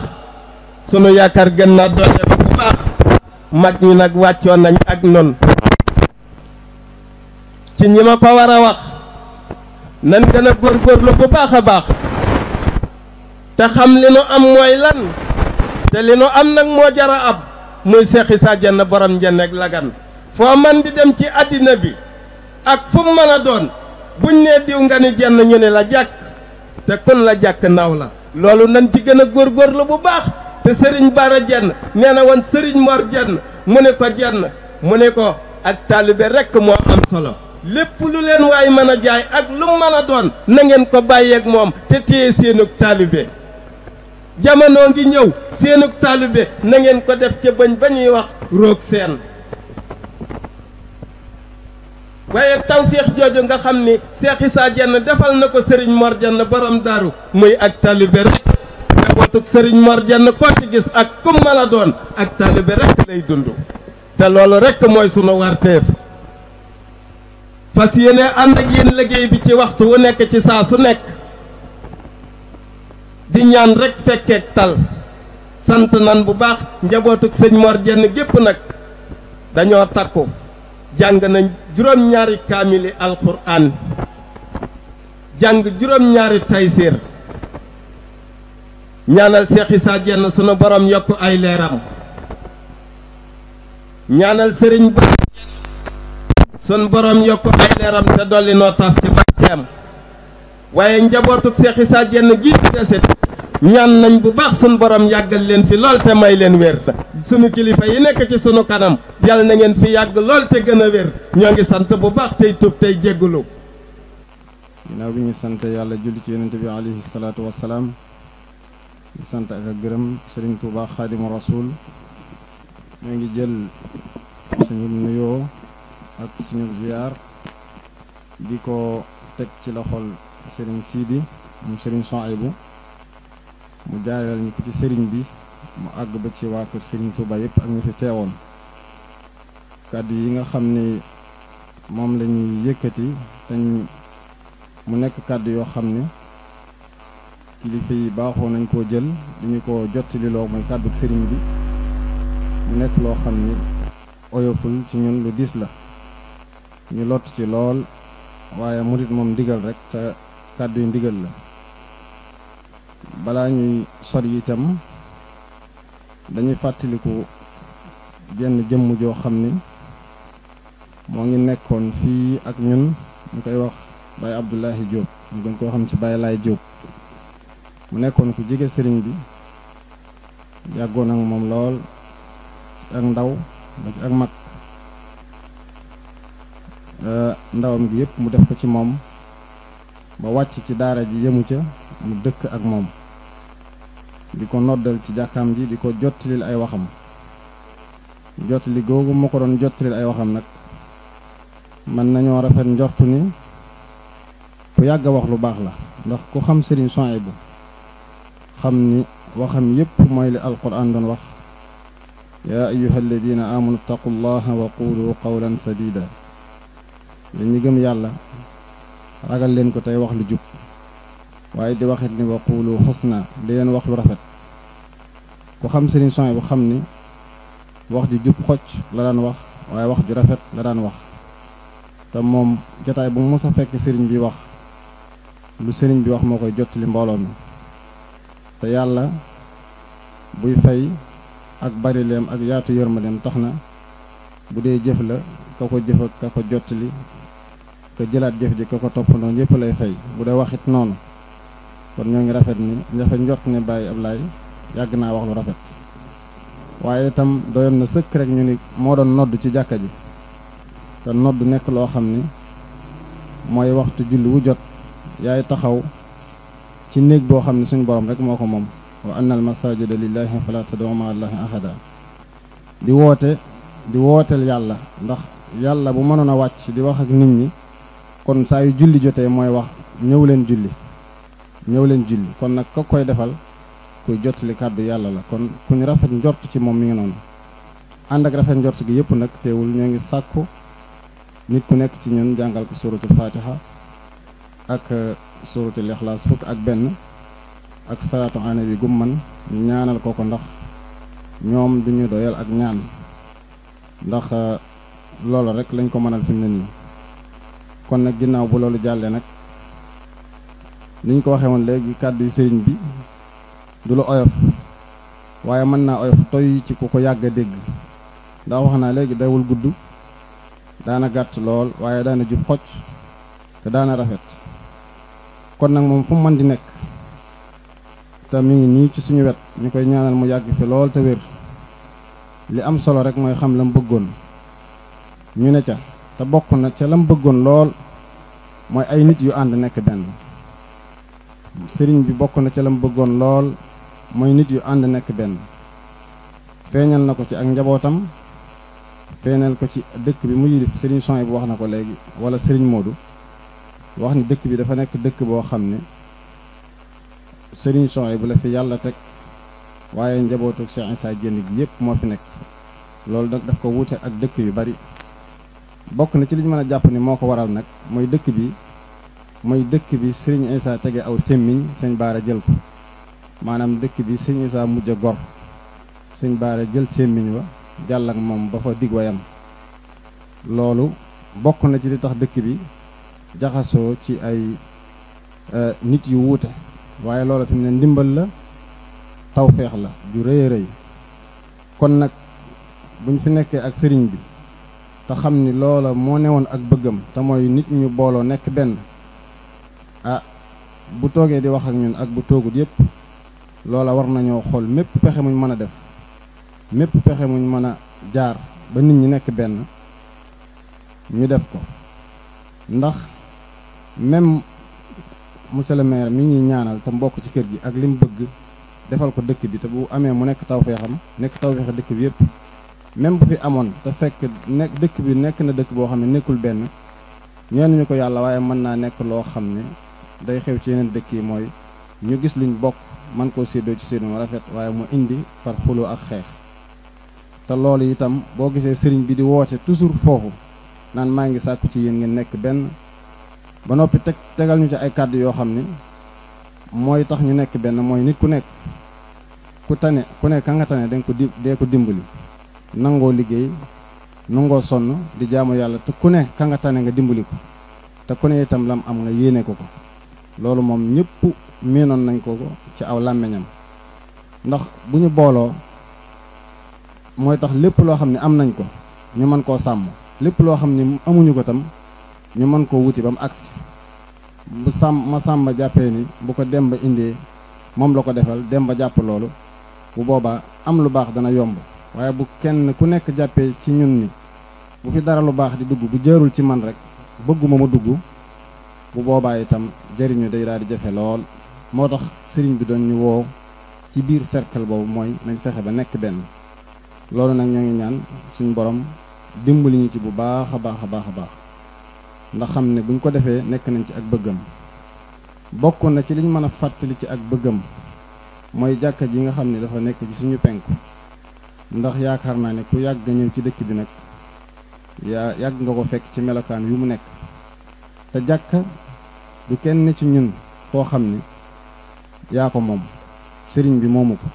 sunu yaakaar gën naa doole bu baax mag ñi nag wàccoon nañ ak noonu ci ñi ma ko war a wax nan gën a góorgóorlu bu baax a baax te xam li nu am mooy lan te li nu am nag moo jara ab muy seexi sa jenn borom njenn ak lagan foo man di dem ci àddina bi ak fu mu mën a doon buñ ne diw nga ne jenn ñu ne la jàkk te kun la jàkk naw la loolu nan ci gën a góorgóorlu bu baax te sëriñ Bara jenn nee na woon sëriñ Mor jenn mu ne ko jenn mu ne ko ak taalibee rekk moo am solo lépp lu leen waay mën a jaay ak lu mën a doon nangeen ko bàyyeek moom te téye seenug taalibe jamono ngi ñëw seenug taalibe na ngeen ko def ca bañ ba ñuy wax roog seen waaye tawféex jooju nga xam ni Seex Isaa Jenn defal na ko Serigne Mor Jenn borom daru muy ak taalibe rek njabootuk Serigne Mor Jenn koo ci gis ak kum mën a doon ak taalibe rek lay dund te loolu rek mooy sunu warteef fas yéene ànd ak yéen liggéey bi ci waxtu wu nekk ci saa su nekk di ñaan rek fekkeek tal sant nan bu baax njabootuk sëñ Mor Jenn gépp nag dañoo takku jàng nañ juróom-ñaari kaamili alxuraan jàng juróom-ñaari taysiir ñaanal Seex Isaa Jenn sunu borom yokk ay leeram ñaanal sëriñ ba sun borom yokku ay leeram te doli no taf ci barkeem waye njabotuk cheikh isa Jenn gi ci deset ñaan nañ bu baax sun borom yagal len fi lol te may len wér sunu kilifa yi nek ci sunu kanam yal na ngeen fi yag lol te gëna a wér sant bu baax tay tup tay jéggulu ginnaaw bi ñu sant yalla julli ci te bi alihi salatu wassalam ñu sant ak gërem serigne touba khadim rasul ñi jël suñu nuyoo ak suñu ziar di ko teg ci loxol sëriñ Sidi mu sëriñ Sohaybu mu jaareel ñu ko ci sëriñ bi mu àgg ba ci waa kër sëriñ Touba yëpp ak ñu fi teewoon kàddu yi nga xam ni moom lañuy ñuy yëkkati mu nekk kàddu yoo xam ni kilifa yi baaxoo nañ koo jël dañu ko jottali loo mooy sëriñ bi mu nekk loo xam ni oyoful ci ñun lu diis la ñu lott ci lool waaye murit moom ndigal rek te kàddu yi ndigal la balaa ñuy sori itam dañuy fàttaliku jenn jëmm joo xam ni moo ngi nekkoon fii ak ñun ñu koy wax Baye Abdoulahi Diop ñu ci Baye Laay mu nekkoon ku jege sëriñ bi yàggoon ak moom lool ci ak ndaw ba ci ak mag Euh, ndawam gi yëpp mu def ko ci moom ba wàcc ci daara ji yemu ca mu dëkk ak moom di ko noddal ci jàkkam ji di ko jottalil ay waxam jottali googu mu ko doon jottalil ay waxam nag mën nañoo rafet njortu ni ku yàgg a wax lu baax la ndax ku xam Serigne Souhaïbou xam ni waxam yépp mooy li alquran doon wax yaa ayuha alladina amanu ittaqullaha wa qulu qawlan sadida yéen ñi gëm yàlla ragal leen ko tey wax lu jub waaye di waxit ni wa quulu na di leen wax lu rafet ku xam sëriñ Souhaïbou bu xam ni wax ju jub xocc la daan wax waaye wax ju rafet la daan wax te moom jataay bu mu mës fekk sëriñ bi wax lu sëriñ bi wax moo koy jottali mbooloo mi te yàlla buy fay ak bari leem ak yaatu ma yërmandeem tax na bu dee jëf la ka ko jëf ak ka ko jottali ko jëlaat jëf ji ko ko toppandoo ñëpp lay fay bu dee waxit noonu kon ñoo ngi rafet ni rafet njort ne Baye Ablaye yàgg naa wax lu rafet waaye itam doyoon na sëkk rek ñu ni moo doon nodd ci jàkka ji te nodd nekk loo xam ni mooy waxtu julli wu jot yaay taxaw ci néeg boo xam ne suñu borom rek moo ko moom wa anna al masajida lillahi fala tad'u ma'a allahi ahada di woote di wooteel yàlla ndax yàlla bu mënoon a wàcc di wax ak nit ñi kon saa yu julli jotee mooy wax ñëw leen julli ñëw leen julli kon nag ka koy defal kuy jottali kàddu yàlla la kon ku ñu rafet njort ci moom mi ngi noonu ànd ak rafet njort gi yëpp nag teewul ñoo ngi sàkku nit ku nekk ci ñun jàngal ko suratul fatiha ak euh, suratul ixlaas fukk ak benn ak salaatu ana bi gumman ñaanal ko ko ndax ñoom duñu doyal ak ñaan ndax euh, loolu rek lañ ko mënal fi mu ne nii kon nag ginnaaw bu loolu jàllee nag ni ñu ko waxee woon léegi kàddu yu sëriñ bi du lu oyof waaye mën naa oyof toy ci ku ko yàgg dégg ndax wax naa léegi dawul gudd daana gàtt lool waaye daana jub xocc te daana rafet kon nag moom fu mu mën di nekk te mi ngi nii ci suñu wet ñu koy ñaanal mu yàgg fi lool te wér li am solo rek mooy xam la mu bëggoon ñu ne ca te bokk na ca lam bëggoon lool mooy ay nit yu ànd nekk benn sëriñ bi bokk na ca lam bëggoon lool mooy nit yu ànd nekk benn feeñal na ko ci ak njabootam feeñal ko ci dëkk bi mu yilif sëriñ Soñ bu wax na ko léegi wala sëriñ moodu wax ni dëkk bi dafa nekk dëkk boo xam ne sëriñ Soñ bu la fi yàlla teg waaye njabootu Cheikh saa Diène gi yëpp moo fi nekk loolu nag daf ko wuute ak dëkk yu bari bokk na ci li mën a jàpp ni moo ko waral nag mooy dëkk bi mooy dëkk bi Serigne Issa tege aw sémmiñ sëñ Baara jël ko maanaam dëkk bi Serigne saa mujj a gor sëñ Baara jël semmiñ wa jàll ak moom ba fa dig wayam loolu bokk na ci li tax dëkk bi jaxasoo ci ay euh, nit yu wuute waaye loolu fi mu ne ndimbal la tawfeex la ju rëy a rëy kon nag buñ fi nekkee ak sëriñ bi te xam ni loola moo ne woon ak bëggam te mooy nit ñu booloo nekk benn a ah, bu toogee di wax ak ñun ak bu toogut yépp loola war nañoo xool mépp pexe muñ mën a def mépp pexe muñ mën a jaar ba nit ñi nekk benn ñu def ko ndax même monsieur maire mi ñuy ñaanal te mbokk ci kër gi ak li mu bëgg defal ko dëkk bi te bu amee mu nekk tawfeexam nekk tawfeexa dëkk bi yépp même bu fi amoon te fekk nekk dëkk bi nekk na dëkk boo xam ne nekkul benn ñeenuñu ko yàlla waaye mën naa nekk loo xam ne day xew ci yeneen dëkk yi mooy ñu gis luñ bokk man koo séddoo ci séddoo rafet waaye mu indi par xuloo ak xeex te loolu itam boo gisee sëriñ bi di woote toujours foofu naan maa ngi sàkku ci yéen ngeen nekk benn ba noppi teg tegal ñu ci ay kàddu yoo xam ni mooy tax ñu nekk benn mooy nit ku nekk ku tane ku nekk ka nga tane ko di dee ko dimbali nangoo liggéey nangoo sonn di jaamu yàlla te ku ne ka nga tane dimbali ko te ku ne itam lam am nga yéene ko ko loolu moom ñëpp miinoon nañ ko ko ci aw làmmiñam ndax bu ñu booloo mooy tax lépp loo xam ne am nañ ko ñu mën koo sàmm lépp loo xam ni amuñu ko tam ñu mën koo wuti ba mu agsi mu sàmm ma sàmm jàppee ni bu ko dem ba indee moom la ko defal dem ba jàpp loolu bu boobaa am lu baax dana yomb waaye bu kenn ku nekk jàppee ci ñun ni bu fi dara lu baax di dugg bu jaarul ci man rek bëgguma ma dugg bu boobaa itam jëriñu day daal di jafe lool moo tax sëriñ bi doon ñu woo ci biir cercle boobu mooy nañ fexe ba nekk benn loolu nag ñoo ngi ñaan suñu borom dimbali ñu ci bu baax a baax a baax a baax ndax xam ne buñ ko defee nekk nañ ci ak bëggam bokk na ci liñ mën a fàttali ci ak bëggam mooy jàkka ji nga xam ni dafa nekk ci suñu penk ndax yaakaar naa ne ku yàgg ñëw ci dëkk bi nag yaa yàgg nga ko fekk ci melokaan yu mu nekk te jàkka du kenn ci ñun koo xam ni yaa ko moom sëriñ bi moomu ko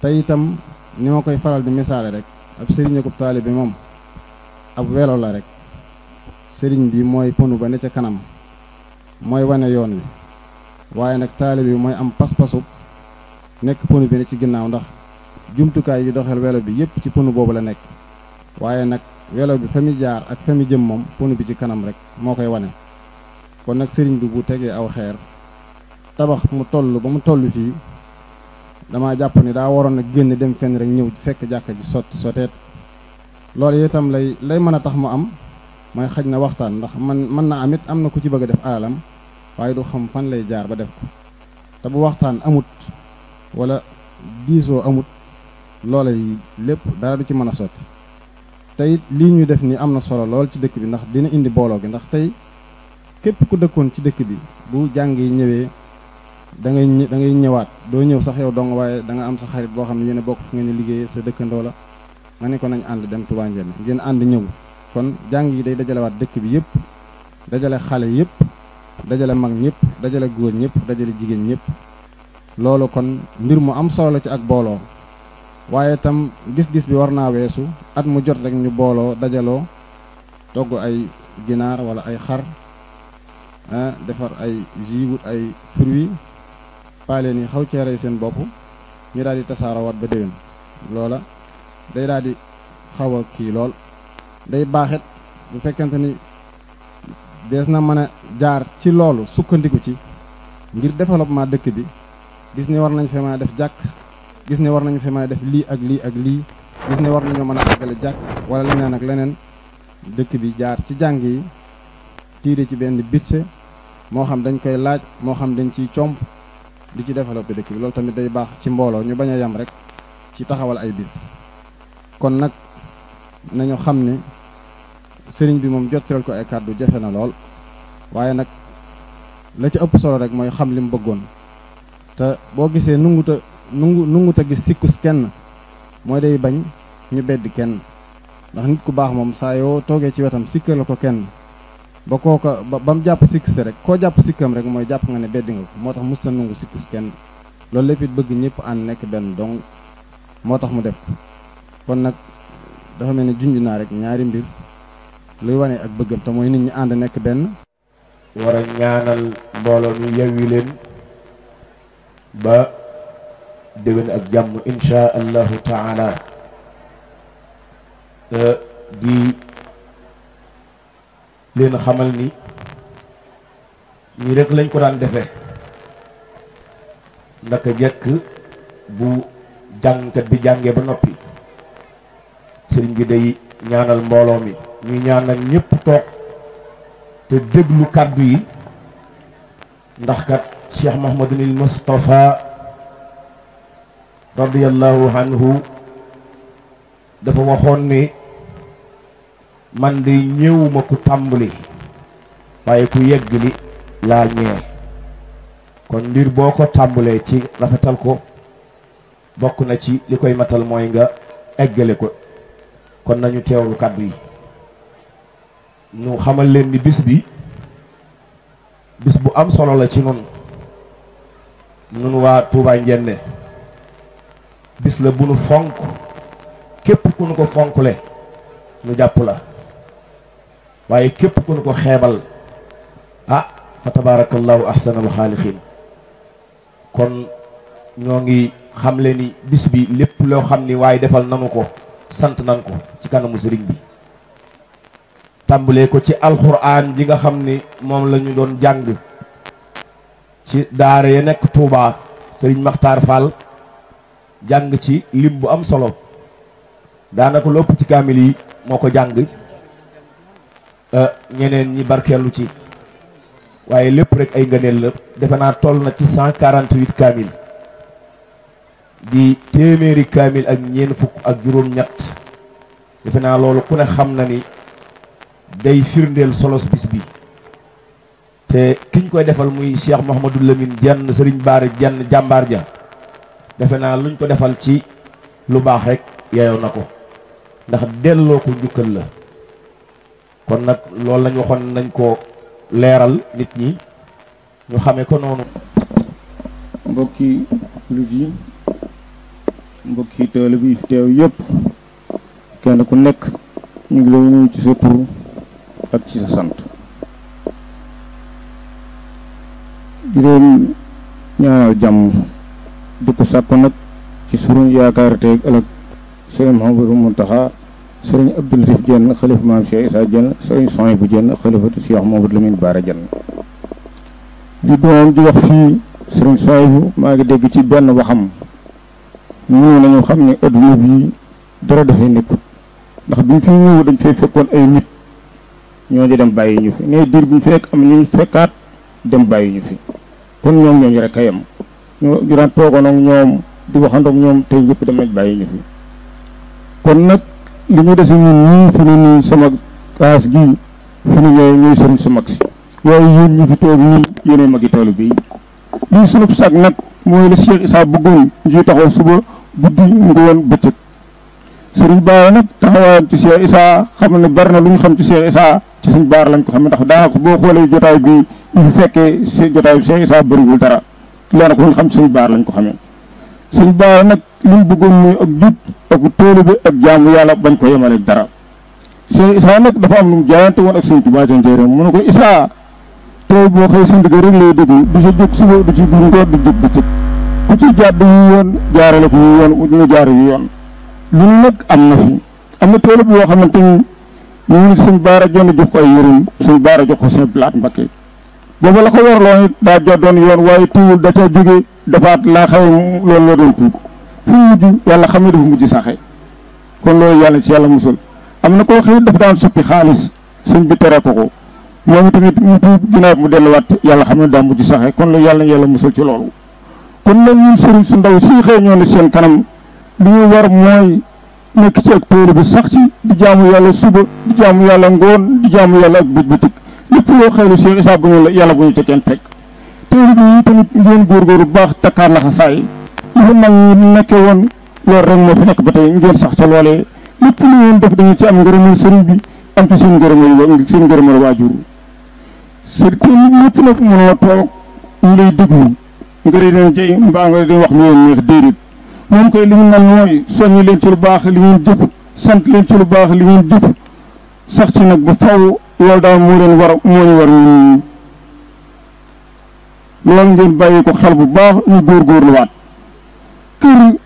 te itam ni ma koy faral di misaale rek ab sëriñ akub taalibe moom ab welo la rek sëriñ bi mooy ponu ba ne ca kanam mooy wane yoon wi waaye nag taalibe bi mooy am pas-pasub nekk ponu bi ne ci ginnaaw ndax jumtukaay yu doxal welo bi yépp ci pneu boobu la nekk waaye nag welo bi fa muy jaar ak fa muy jëm moom pneu bi ci kanam rek moo koy wane kon nag sëriñ bi bu tegee aw xeer tabax mu toll ba mu toll fii dama jàpp ni daa waroon a génn dem fenn rek ñëw fekk jàkk ji sotti soteet loolu itam lay lay mën a tax mu am mooy xaj na waxtaan ndax man mën na amit am na ku ci bëgg a def alalam waaye du xam fan lay jaar ba def ko te bu waxtaan amut wala diisoo amut loola yi lépp dara du ci mën a sotti tey lii ñu def ni am na solo lool ci dëkk bi ndax dina indi booloo gi ndax tey képp ku dëkkoon ci dëkk bi bu jàng yi ñëwee da ngay ngay ñëwaat doo ñëw sax yow dong waaye da nga am sa xarit boo xam ne yéen ne bokk fu ngeen liggéeyee sa dëkkandoo la nga ne ko nañ ànd dem Touba Ndiémé ngeen ànd ñëw kon jàng yi day dajalewaat dëkk bi yëpp dajale xale yëpp dajale mag ñëpp dajale góor ñëpp dajale jigéen ñëpp loolu kon mbir mu am solo ci ak booloo waaye tam gis-gis bi war naa weesu at mu jot rek ñu booloo dajaloo togg ay ginaar wala ay xar ah, defar ay jus wut ay fruits paaleen yi xaw ceerey seen bopp ñu daal di tasaarawaat ba déwén loola day daal di xaw kii lool day baaxet bu fekkente ni dees na mën a jaar ci loolu sukkandiku ci ngir développement dëkk bi gis ni war nañ fee mën def jàkk gis ne war nañu fi mën a def lii ak lii ak lii gis ne war nañoo mën a àggale jàkk wala leneen ak leneen dëkk bi jaar ci jàng yi tiire ci benn bitse moo xam dañ koy laaj moo xam dañ ci comp di ci développé dëkk bi loolu tamit day baax ci mbooloo ñu bañ a yam rek ci taxawal ay bis kon nag nañu xam ni sëriñ bi moom jottiral ko ay kàddu jafe na lool waaye nag la ci ëpp solo rek mooy xam li mu bëggoon te boo gisee nunguta nungu nungu ta gis sikus kenn moy day bañ ñu bedd kenn ndax nit ku baax mom sa yo toge ci wetam sikkel ko kenn ba kooka ba mu jàpp rek ko japp sikam rek moy japp nga ne bedd nga ko musta nungu sikus kenn loolu lepp it bëgg ñepp an nek ben dong motax mu def kon nak dafa melni ne rek ñaari mbir luy wane ak bëggam ta moy nit ñi and nek ben wara ñaanal mbolo ñu yewi len ba déwén ak jàmm insha allahu taala di leen xamal ni ñi rek lañ ko daan defee ndaka jekk bu jàngkat bi jànge ba noppi sëriñ bi day ñaanal mbooloo mi ñuy ñaanal ñëpp toog te déglu kàddu yi ndax kat Cheikh Mouhamadoul radiyallahu anhu dafa waxoon ni man de ñëwuma ku tàmbali waaye ku yegg li laa ñëw kon mbir boo ko tàmbalee ci rafetal ko bokk na ci li koy matal mooy nga eggale ko kon nañu teewlu kàddu yi nu xamal leen ni bis bi bis bu am solo la ci nun nun waa Touba Ndiéné bis la bu nu fonk képp ku nu ko fonkle nu jàpp la waaye képp ku ko xeebal ah fa tabaarakallaahu ahsanul xaaliqiin kon ñoo ngi xam le ni bis bi lépp loo xam ni waaye defal nanu ko sant nan ko ci kanamu sëriñ bi tàmbalee ko ci alxuraan ji nga xam ni moom lañu doon jàng ci daare ya nekk Touba sëriñ Maxtaar Fall jang ci lim am solo daanaka lopp ci kamil yi moko jang euh ñeneen ñi barkelu ci waye lepp rek ay ngeenel la defena toll na ci 148 kamil di téméri kamil ak ñeen fukk ak juroom ñatt defena lolu ku ne xam na ni day solos bis bi te kiñ koy defal muy cheikh mohamadou lamine jenn serigne baari jenn jambar jenn defe naa luñ ko defal ci lu baax rek yeyoo na ko ndax delloo ko njukkal la kon nag loolu lañ waxoon nañ ko leeral nit ñi ñu xame ko noonu mbokki lu ji mbokki teelu bi teew yëpp kenn ku nekk ñu ngi lay ci sa ak ci sa sant di leen jàmm diko ko nak ci sunu yaakaar te ak sëriñ Mouhamadou muntaha serigne abdul rif jenn xalifa mam Cheikh isa Issa Diène sëriñ Souhaïbou Diène xalifatu Cheikh Mouhamadou Lamine Bara jenn di doom di wax fi serigne sëriñ bu ma ngi deg ci ben waxam ñu nañu xam ne adduna bii dara dafay nekkut ndax bi fi ñëw dañ fay fekkoon ay nit ñoo di dem bàyyi ñu fi ne dir bi fekk am ñu fekkat dem bàyyi ñu fi kon ñoom ñoo rek a ñu daan toogoon ak ñoom di waxandoo ak ñoom tey yëpp dem nañ bàyyi ñu fi kon nag li ñu dese ñun ñu fi ne nii sama kaas gi fi ne ñooy ñooy sëriñ su mag si waaye yéen ñi fi toog nii yéenay magi toolu bi lii sunu sag nag mooy la Cheikh Issa bëggoon ñu taxaw suba guddi ñu ko woon bëccëg sëriñ baara nag taxawaayam ci Cheikh Issa xam na bari na lu ñu xam ci Cheikh Issa ci suñ baar lañ ko xam ndax daanaka boo xoolee jotaay bi ñu fi fekkee jotaay bi Cheikh Issa bëriwul dara loolu nag xam suñu baar lañ ko xamee suñu baar nag li mu bëggoon muy ak jub ak tóolu bi ak jaamu yàlla bañ ko yemale dara suñu isaa nag dafa am lu mu jaayante woon ak suñu Tuubaa ca njëriñ mu ne ko isaa tey boo xëy sa ndigal rek lay déglu du sa jóg suba du ci du ngoor du jóg bëccëg ku ci jàdd yu yoon jaarale ko yu yoon ñu jaar yu yoon lu nag am na fi am na tóolu bi yoo xamante ñu ngi suñu baara jonn jox ko ay yërëm suñu baara jox ko seen plaat mbakke booba la ko warloo it daa joddoon yoon waaye teewul da caa jóge dafaat laa xaw loolu la doon tuub fu mujj yàlla xam ne dafa mujj saxe kon loolu yàlla ci yàlla musul am na koo xëy dafa daan suppi xaalis suñ bi tere moom tamit mu tuub ginnaaw yàlla xam ne daa mujj saxe kon loolu yàlla yàlla musul ci loolu kon nag ñun sëriñ su ndaw suñ xëy ñoo seen kanam li ñu war mooy nekk ci ak tóor bi sax ci di jaamu yàlla suba di jaamu yàlla ngoon di jaamu yàlla ak bëj-bëtik lépp loo xëy na Cheikh Issa Gouné la yàlla bu ñu ca kenn fekk te liggéey yi tamit ngeen góorgóorlu bu baax takkaar la xasaay lu mag ñi nekkee woon loolu rek moo fi nekk ba tey ngeen sax ca loolee lépp lu ngeen def dañu ci am ngërëmul sëriñ bi am ci seen ngërëmul seen ngërëmul waajur sër te nit ñëpp nag mënoo toog ñu lay déglu nga di leen jëy mbaa nga di wax lu leen neex déedéet moom koy li ñu mel mooy soññi leen ci lu baax li ngeen jëf sant ci lu baax li ngeen jëf sax ci nag ba faw loolu daal moo leen war moo ñu war ñun loolu ngeen bàyyi ko xel bu baax ñu góorgóorluwaat kër li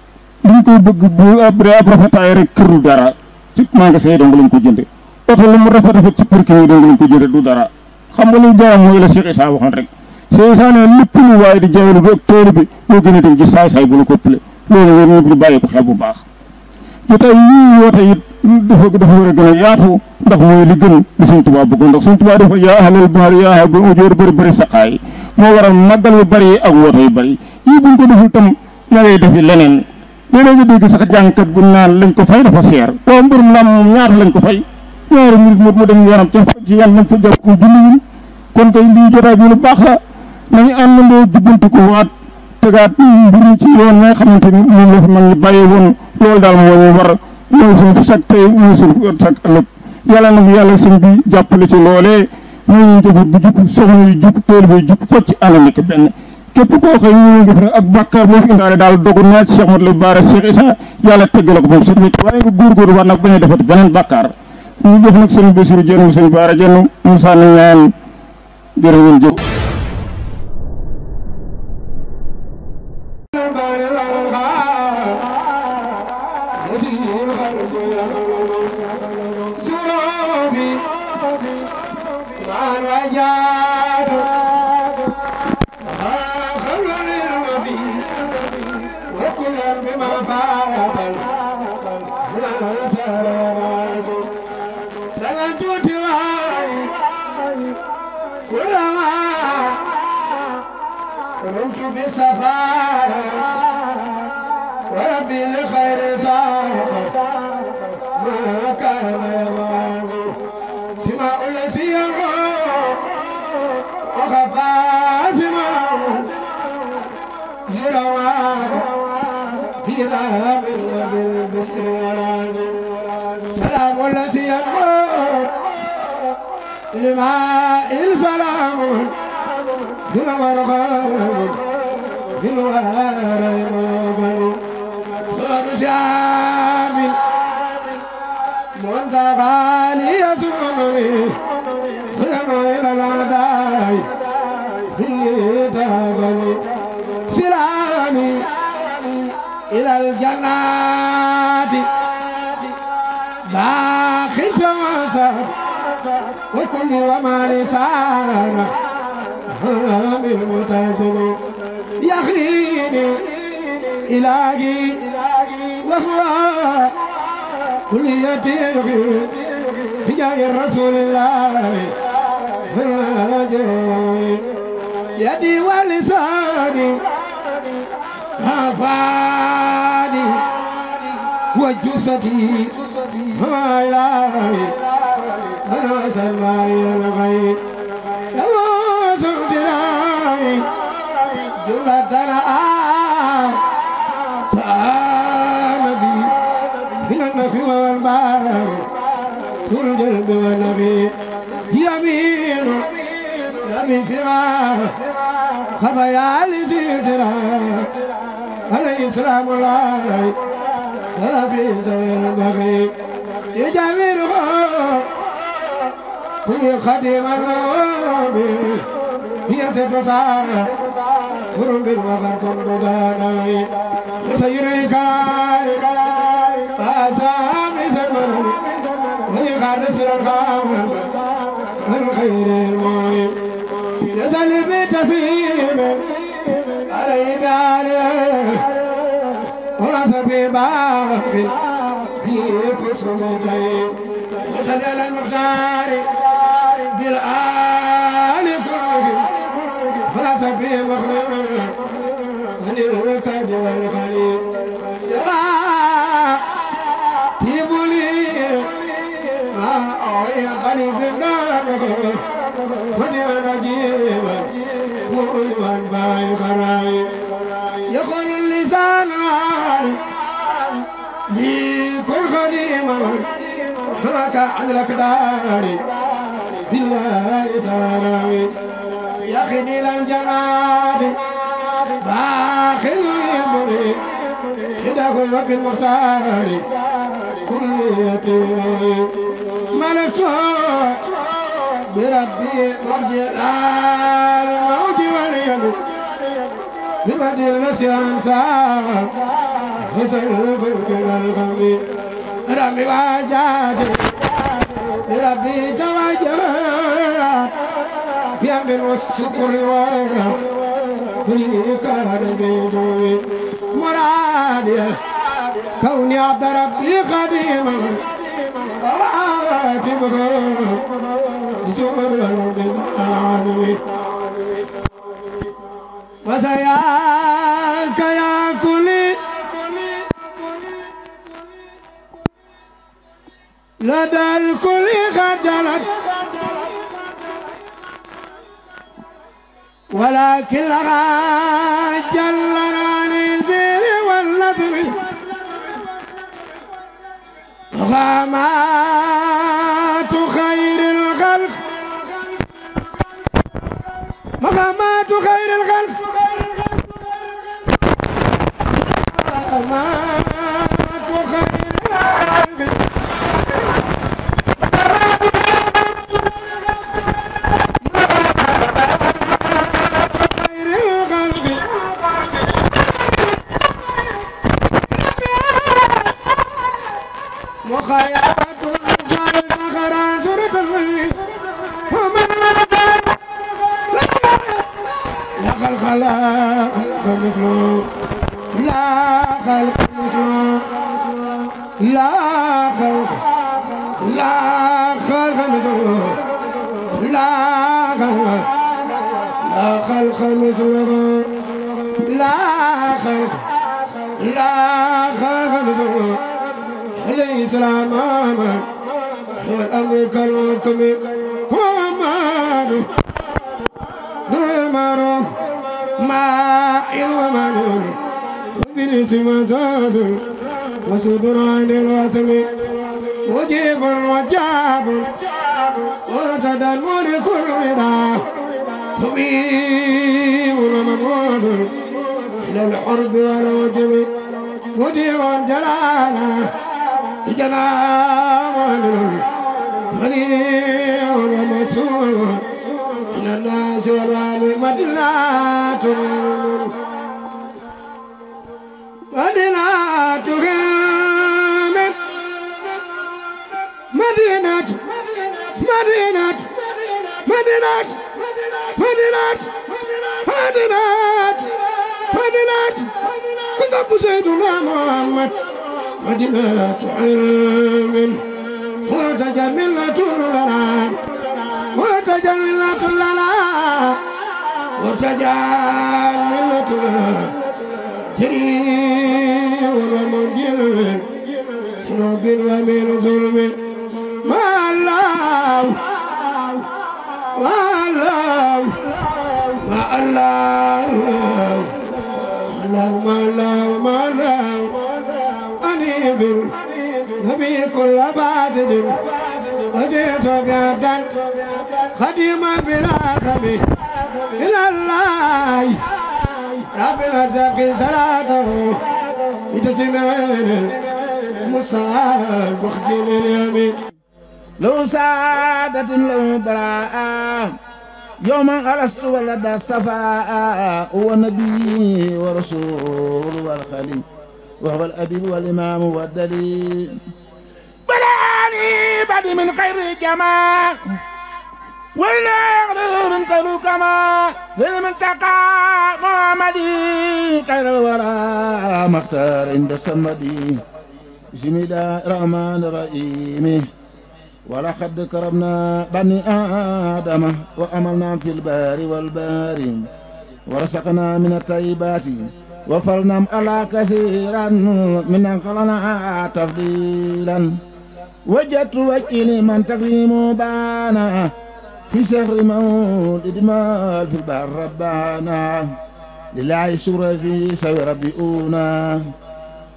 ñu koy bëgg bu ab ab rafetaay rek kër du dara ci magasin yi dong lañ ko jënde oto lu mu rafet rafet ci parking yi dong lañ ko jënde du dara xam nga lu dara mooy la Cheikh Issa waxoon rek Cheikh Issa ne lépp lu waaye di jawelu bi ak toolu bi moo gën dem ci saay-saay bu la ko ëppale loolu ngeen ñu bàyyi ko xel bu baax jotaay yii woote it dafa dafa war a gën a yaatu ndax mooy li gën li suñ tubaa bëggoon ndax suñ tubaa dafa yaa halal bahar yaa habul ujoor bëri bëri saqaay moo waral màggal yu bari ak woote yu bari yii buñ ko deful tam na ngay defi leneen léeg-léeg nga dégg sax jàngkat bu naan lañ ko fay dafa seer doo mbërum lam moom ñaata lañ ko fay ñaari minute mu mu dem yoonam ca ci yàlla nañ fa jàpp ko julliwul kon tey lii jotaay bi lu baax la nañu àndandoo jubbanti ko waat tegaat mbir ci yoon nga xamante ni la fa mag ñi bàyyee woon loolu daal war ñooy suñu sag tey ñooy suñu yàlla nag yàlla sëñ jàppale ci loolee mooy ñu njaboot bu jub soxna yu jub tool bi jub focc àll nekk benn képp koo xëy ñu ngi def rek ak bàkkaar boo fi indaale daal dogu naa ci Cheikh Modou Bara Cheikh Issa yàlla teggal ko moom sëñ bi waaye nga góorgóorlu war nag bañ a defati beneen bàkkaar ñu jox nag sëñ Bassirou mu sëñ Bara Dieng Moussa Niane jërë ngeen jëf المصطفى وربي الخير صار ما كان واضح سماء الأسير وخفى سماء زروان في ذهب بالبسر وراجل سلام الذي ينور لماء السلام ذو الورقان وكل وما لسانا من متدلو يغيني إلهي وهو كل يدير يا رسول الله يدي ولساني عفاني وجسدي ما إلهي أنا سلمان الغيب جل درا سام بي من النفي والبار سل جلب والنبي يمين نبي فرار خبيا لذي درا عليه السلام الله سلفي زين البغي يجامله كل خديم الرب يسد صار قرب وغرق بداني وسيرك آثام زمن ولخالص من خير المهم نزل بتثيم علي بعليه وسبي باقي في قصدتين وسجل المختار بالآل كله فلسفي مخلوق خراي خراي يخل لسان لي كل غنيمة حرك عدلك داري بالله يا يخني للجناد باخل يمري خداه وقت مختاري كل يتيم ملكه بربي مرجع الآل موت وليمه بمد المسيان ساعة حسن فرق الغم ربي واجاتي ربي تواجهات بأمر والسكر والرحم كل كان بيدوي مرادي كوني عبد ربي خديما وعاتبه بسور العالمين وسياك يا كلي لدى الكل خجلت ولكن لها جل عن الزير والنذر الرحمات خير الخلق الرحمات الأكرم إلى الله رب الأرزاق صلاته يتسمعين مصاب وخدم اليمين لو سعادة لو براءة يوما أرست ولد الصفاء هو النبي ورسول والخليل وهو الأبي والإمام والدليل بلاني بدي من خير الجمال والآخرة خير كما للمنتقى محمدي خير الورى مختار عند السمدي بسم الله الرحمن الرحيم خد كربنا بني آدم وأملنا في البار والبار ورزقنا من الطيبات وفرنا على كثيرا من أنقلنا تفضيلا وجدت وكيل من تقديم بانا في سهر مول إدمال في البحر ربانا للعي سورة في سوي ربي أونا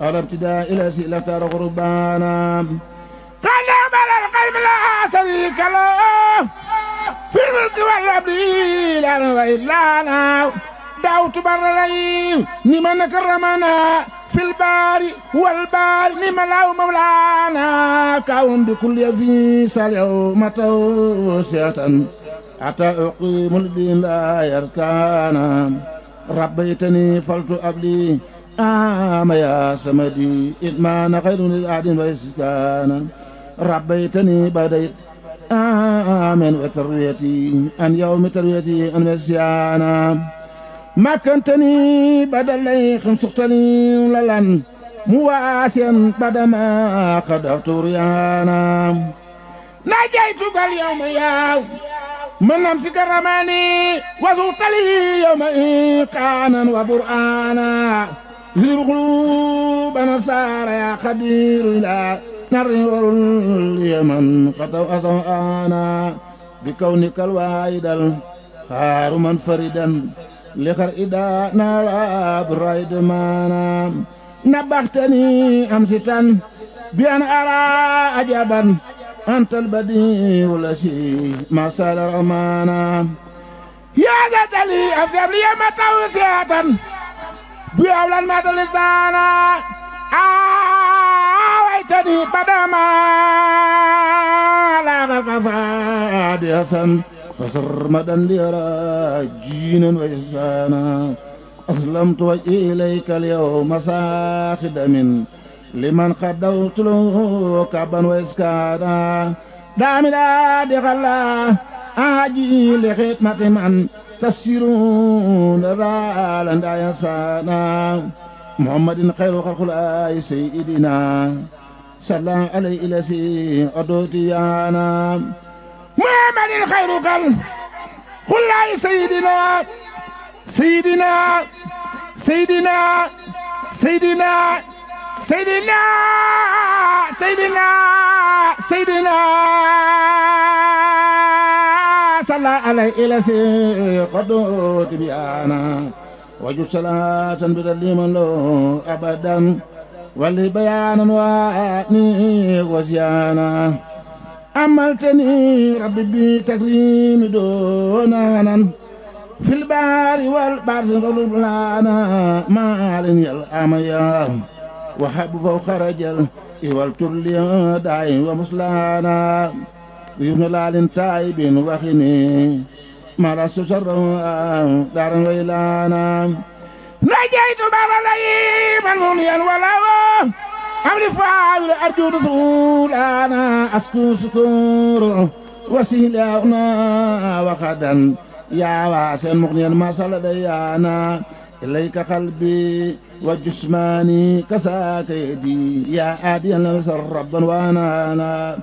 على ابتداء إلى سئلة غربانا قال أمر القلب لا سريك الله في الملك والأمر أنا إلا أنا دعوت بر لمن كرمنا في البار والبار لملا مولانا كون بكل يفيس اليوم توسية حتى أقيم الدين لا يركانا ربيتني فلت أبلي آم يا سمدي إدمان خير للأعد وإسكانا ربيتني بديت آمن وتربيتي أن يوم تربيتي أن مسيانا مكنتني بدل ليخ سقتني للان مواسيا بدما خدرت ريانا نجيتك اليوم يا من أمسك الرماني وزرت لي يوم إيقانا وبرآنا ذر قلوب نصار يا خدير لا نرور اليمن قد أزهانا بكونك الواحد الخار منفردا لخر إدا نراب رايد مانا نبختني أمسيتا بأن أرى عجبا أنت البديع الذي ما سال رمانا يا زدلي أفسر لي ما توسيعة بأولا ما تلسانا آويتني بدما لا غرق فادي حسن فسرمدا ليرى جينا وإسلاما أسلمت وجهي إليك اليوم من لمن خدوت له كعبا وإسكانا دام لا دخلا أجي لخدمة من تفسيرون رالا دا يسانا محمد خير خلق الآي سيدنا سلام عليه إلى سي أدوتيانا ما من الخير قال قل لا سيدنا سيدنا سيدنا سيدنا سيدنا سيدنا سيدنا صلى عليه إلى سيقدوت بيانا وجد صلاة بدل من له أبدا ولبيانا وأتني وزيانا أملتني ربي بتكريم دونانا في البار والبرز لنا مال يلأميا وحب فوق رجل والترلي داي ومسلانا ويبن لال تايب وخني ما رأس شر دار ويلانا نجيت بار لئيما منيا ولا حمل فاعل أرجو نزول أنا أسكو سكور وسيلنا وغدا يا واسع مغني ما صلى إليك قلبي وجسماني كساك يا آدي المسر ربا وأنا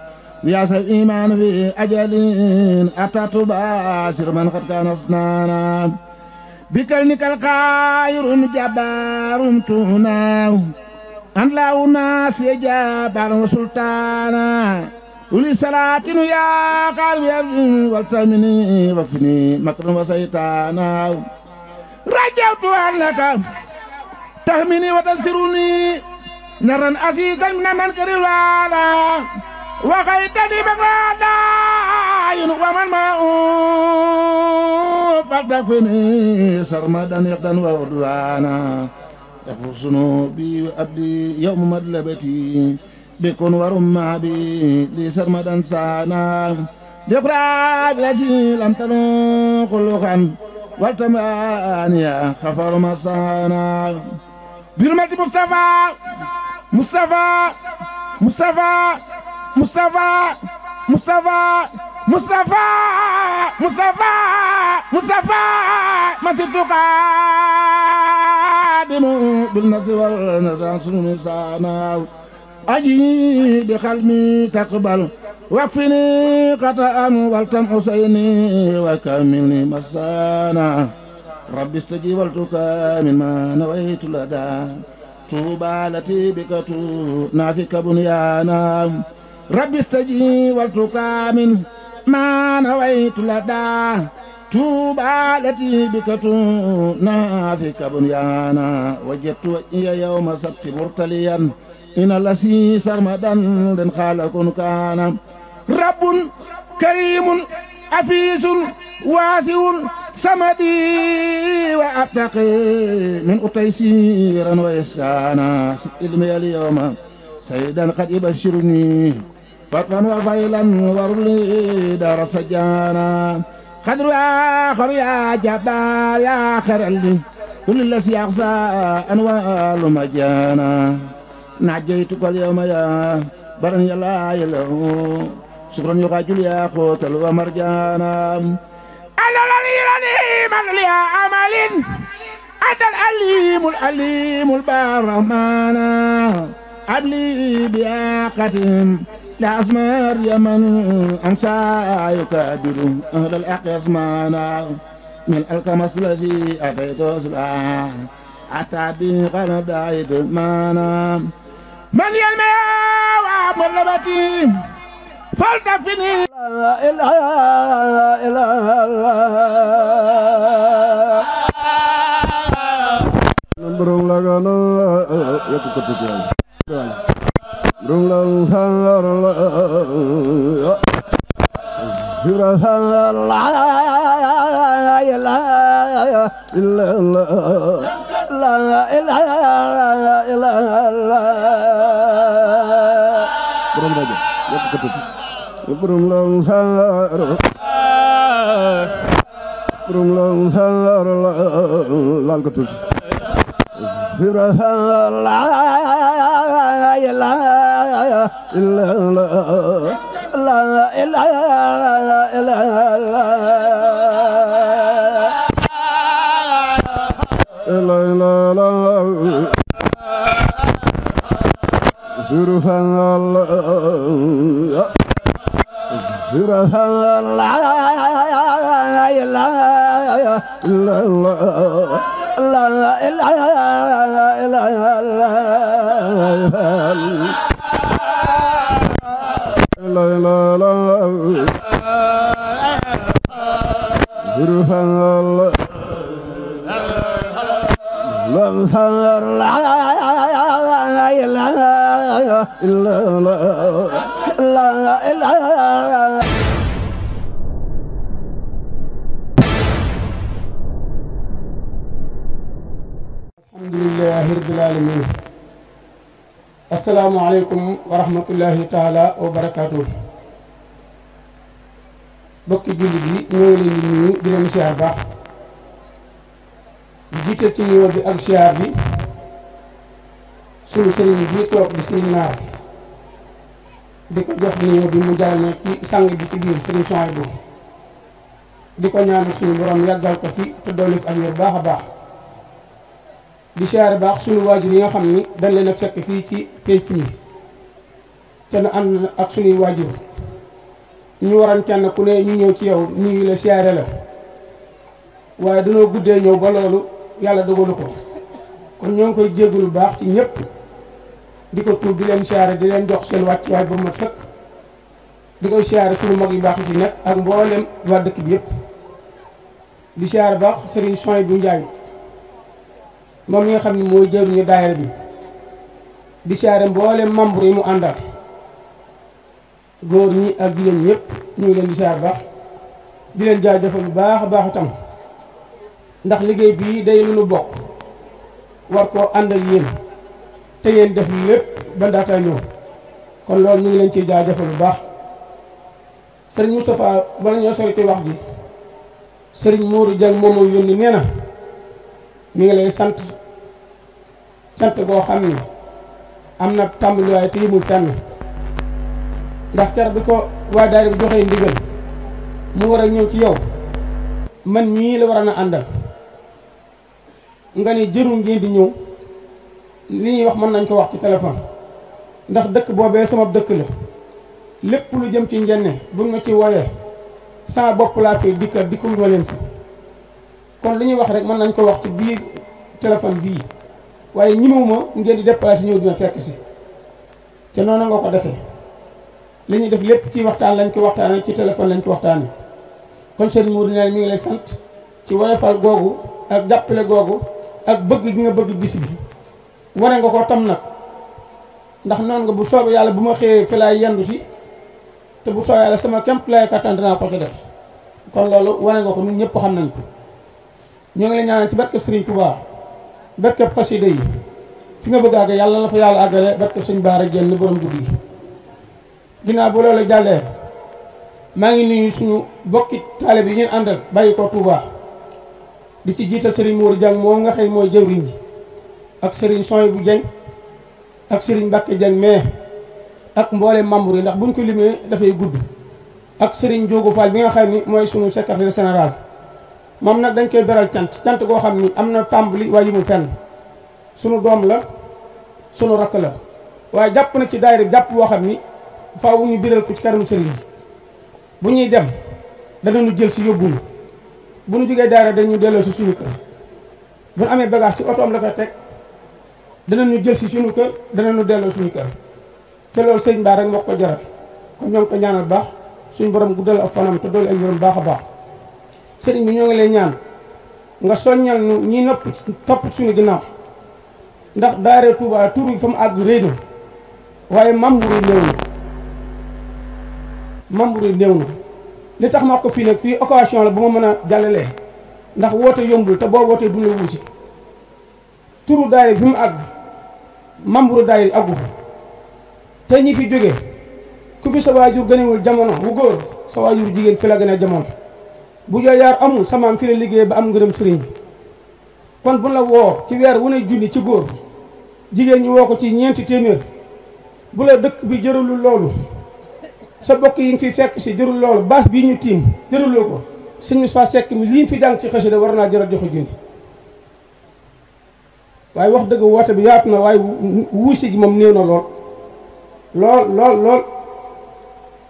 يا إيمان في أجلين أتت باسر من قد كان أصنانا بكلنك الخير جبار توناه أن لا أناس يجابر سلطانا ولي سلاتين يا قلب يبدين والتمني وفني مكر وسيطانا رجوت أنك تهمني وتنصرني نرا عزيزا من منكر الوالى وغيتني بغرادا ومن ما فلتفني سرمدا يقدا وعدوانا يغفر ذنوبي وأبدي يوم مطلبتي بكون ورم عبي لسرمدا سانا لفراق لسي لم تلو كل خان والتمانيا خفر مسانا برمتي مصطفى مصطفى مصطفى مصطفى مصطفى مصطفى مصطفى مصطفى ما مصطفى قادم بالنصر والنصر مصطفى أجي بخلمي تقبل مصطفى قطعا والتم حسيني وكملني مصطفى ربي استجيب من ما نويت لدى مصطفى مصطفى بك نافك بنيانا rabbi staji wal kami ma nawaitu lada tuba lati bikatu nafika bunyana wajatu iya yawma sabti murtaliyan inalasi lasi sarmadan den khalakun kana rabbun karimun afisun wasiun samadi wa abtaqi min utaisiran wa iskana ilmi al yawma sayyidan qad ibashirni فطن وفيلا ورلي دار سجانا خذر يا آخر يا جبار يا آخر اللي كل الذي يغزى أنوال مجانا نعجيتك اليوم يا برني الله يله شكرا يقاجل يا قوت ومرجانا ألا العليم يا أمل أنت الأليم الأليم البرمانا أدلي بياقتهم لأسمار يمن أنسى يكابر أهل الحق يسمعنا من الكمس الذي أتيت سبحان أتى به قرد يتمانا من يلمي ومربتي فلتفني لا إله إلا الله نمبرون لغانا يتكتك la لا لا لا إله إلا الله لا إله إلا الله برهان الله alhamdulillahi rabbil alamin assalamu alaikum wa rahmatullahi taala wa barakatuh bokki julli bi ñoo ngi leen di nuyu di leen siyaar baax jiite ci nuyoo bi ak siyaar bi suñu sëriñ bi toog di sëriñ naar di ko jox nuyoo bi mu jaarale ci sang bi ci biir sëriñ Souhaïbou di ko ñaanu suñu borom yàggal ko fi te dolli ko ak yéen baax a baax di siyaare baax suñu waajur yi nga xam ni dañ leen a fekk fii ci pénc mi te nu ànd ak suñuy waajur ñu waroon kenn ku ne ñu ñëw ci yow ñu ngi la siyaare la waaye dañoo guddee ñëw ba loolu yàlla dogalu ko kon ñoo ngi koy jéggul baax ci ñëpp di ko tuub di leen siyaare di leen jox seen wàcc waay ba mat fekk di koy siyaare suñu mag yi baax yi ci nekk ak mboolem waa dëkk bi yëpp di siyaare baax sëriñ soñ bu njaay mom ñi xamni xam ne ñu jëwriñu bi di siyaare mbolé membre yi mu andal goor ñi ak jigéen ñepp ñu leen di xaar bax di leen defal bu baax baax tam ndax liggéey bi day lu nu bok war ko andal yeen te yeen def lepp ba data ñoo kon lool ñu leen ci ciy defal bu baax serigne mustapha ba ñoo sori ci wax ji serigne Modou jang momo yoni neena na ngi lay sante cant boo xam ni am na tàmbali waaye te yëmul fenn ndax car bi ko waa daayira bi joxee ndigal mu war a ñëw ci yow man mii la war a na àndal nga ni jërum ngeen di ñëw li ñuy wax mën nañ ko wax ci téléphone ndax dëkk boobee sama dëkk la lépp lu jëm ci njenne buñ ma ci wooyee sama bopp laa fi dikka dikkul ma leen fi kon li ñuy wax rek mën nañ ko wax ci biir téléphone bii waaye ñimewuma ngeen di déplacé ñëw dina fekk si te noonu nga ko defee li ñuy def lépp ci waxtaan lañ ko waxtaanee ci téléphone lañ ko waxtaanee kon sëñ Mourou nee ñu ngi lay sant ci woyofal googu ak jàppale googu ak bëgg gi nga bëgg bis bi wane nga ko tam nag ndax noonu nga bu soobee yàlla bu ma xëyee fi laay yendu si te bu soobee yàlla sama képp laay kattan dinaa ko ci def kon loolu wane nga ko ñun ñëpp xam nañ ko ñoo ngi lay ñaanal ci barke Serigne Touba. bekk xasida yi fi nga bëgg àgg yàlla la fa yàlla àggale bekk sëñ Baara Jenn borom guddi gi bu loolu jàllee maa ngi nuyu suñu bokki taalibe yi ngeen àndal bàyyi ko Touba di ci jiital sëriñ Mour Dieng moom nga xëy mooy jëwriñ ji ak sëriñ Soy bu Dieng ak sëriñ Mbacke Dieng mais ak mboolem membre yi ndax buñ ko limee dafay gudd ak sëriñ Fall bi nga xam ni mooy suñu secrétaire général mom nak dañ koy beral tiant tiant go xamni amna am na tàmbali mu fenn sunu dom la sunu rak la way japp na ci daayira japp boo xamni fa wuñu biral ku ci karam serigne bi bu ñuy dem danañu jël ci yobbu bu ñu jógee daayira dañuy delloo si suñu kër bu amé bagage ci otoom la tek da nañu jël si suñu kër danañu delloo suñu kër te loolu serigne ba rek moo ko jaral ko ñaanal bax suñu borom guddal ak te dool ay ñoom baaxa baax sëriñ bi ñoo ngi lay ñaan nga soññal ñu ñi nopp topp suñu ginnaaw ndax daare Touba tur bi mu àgg réy na waaye membre yi néew na membre yi néew na li tax ma ko fii nag fii occasion la bu ma mën a jàllalee ndax woote yombul te boo wootee du la wuusi turu daare bi mu àgg membre daare àggu te ñi fi jóge ku fi sa waajur gënewul jamono wu góor sa waajur jigéen fi la gën a jamono bu jooyaar amul samaam fi la liggéey ba am ngërëm sëriñ bi kon bu la woor ci weer wu ne junni ci góor jigéen ñi woo ko ci ñeenti téeméer bu la dëkk bi jëralul loolu sa bokk yi nga fi fekk si jërul loolu baas bii ñu tiim jëruloo ko sëñ Moussa Seck mi lii fi jàng ci xasida war naa jëral joxe junni waaye wax dëgg woote bi yaatu na waaye wuusi gi moom néew na lool lool lool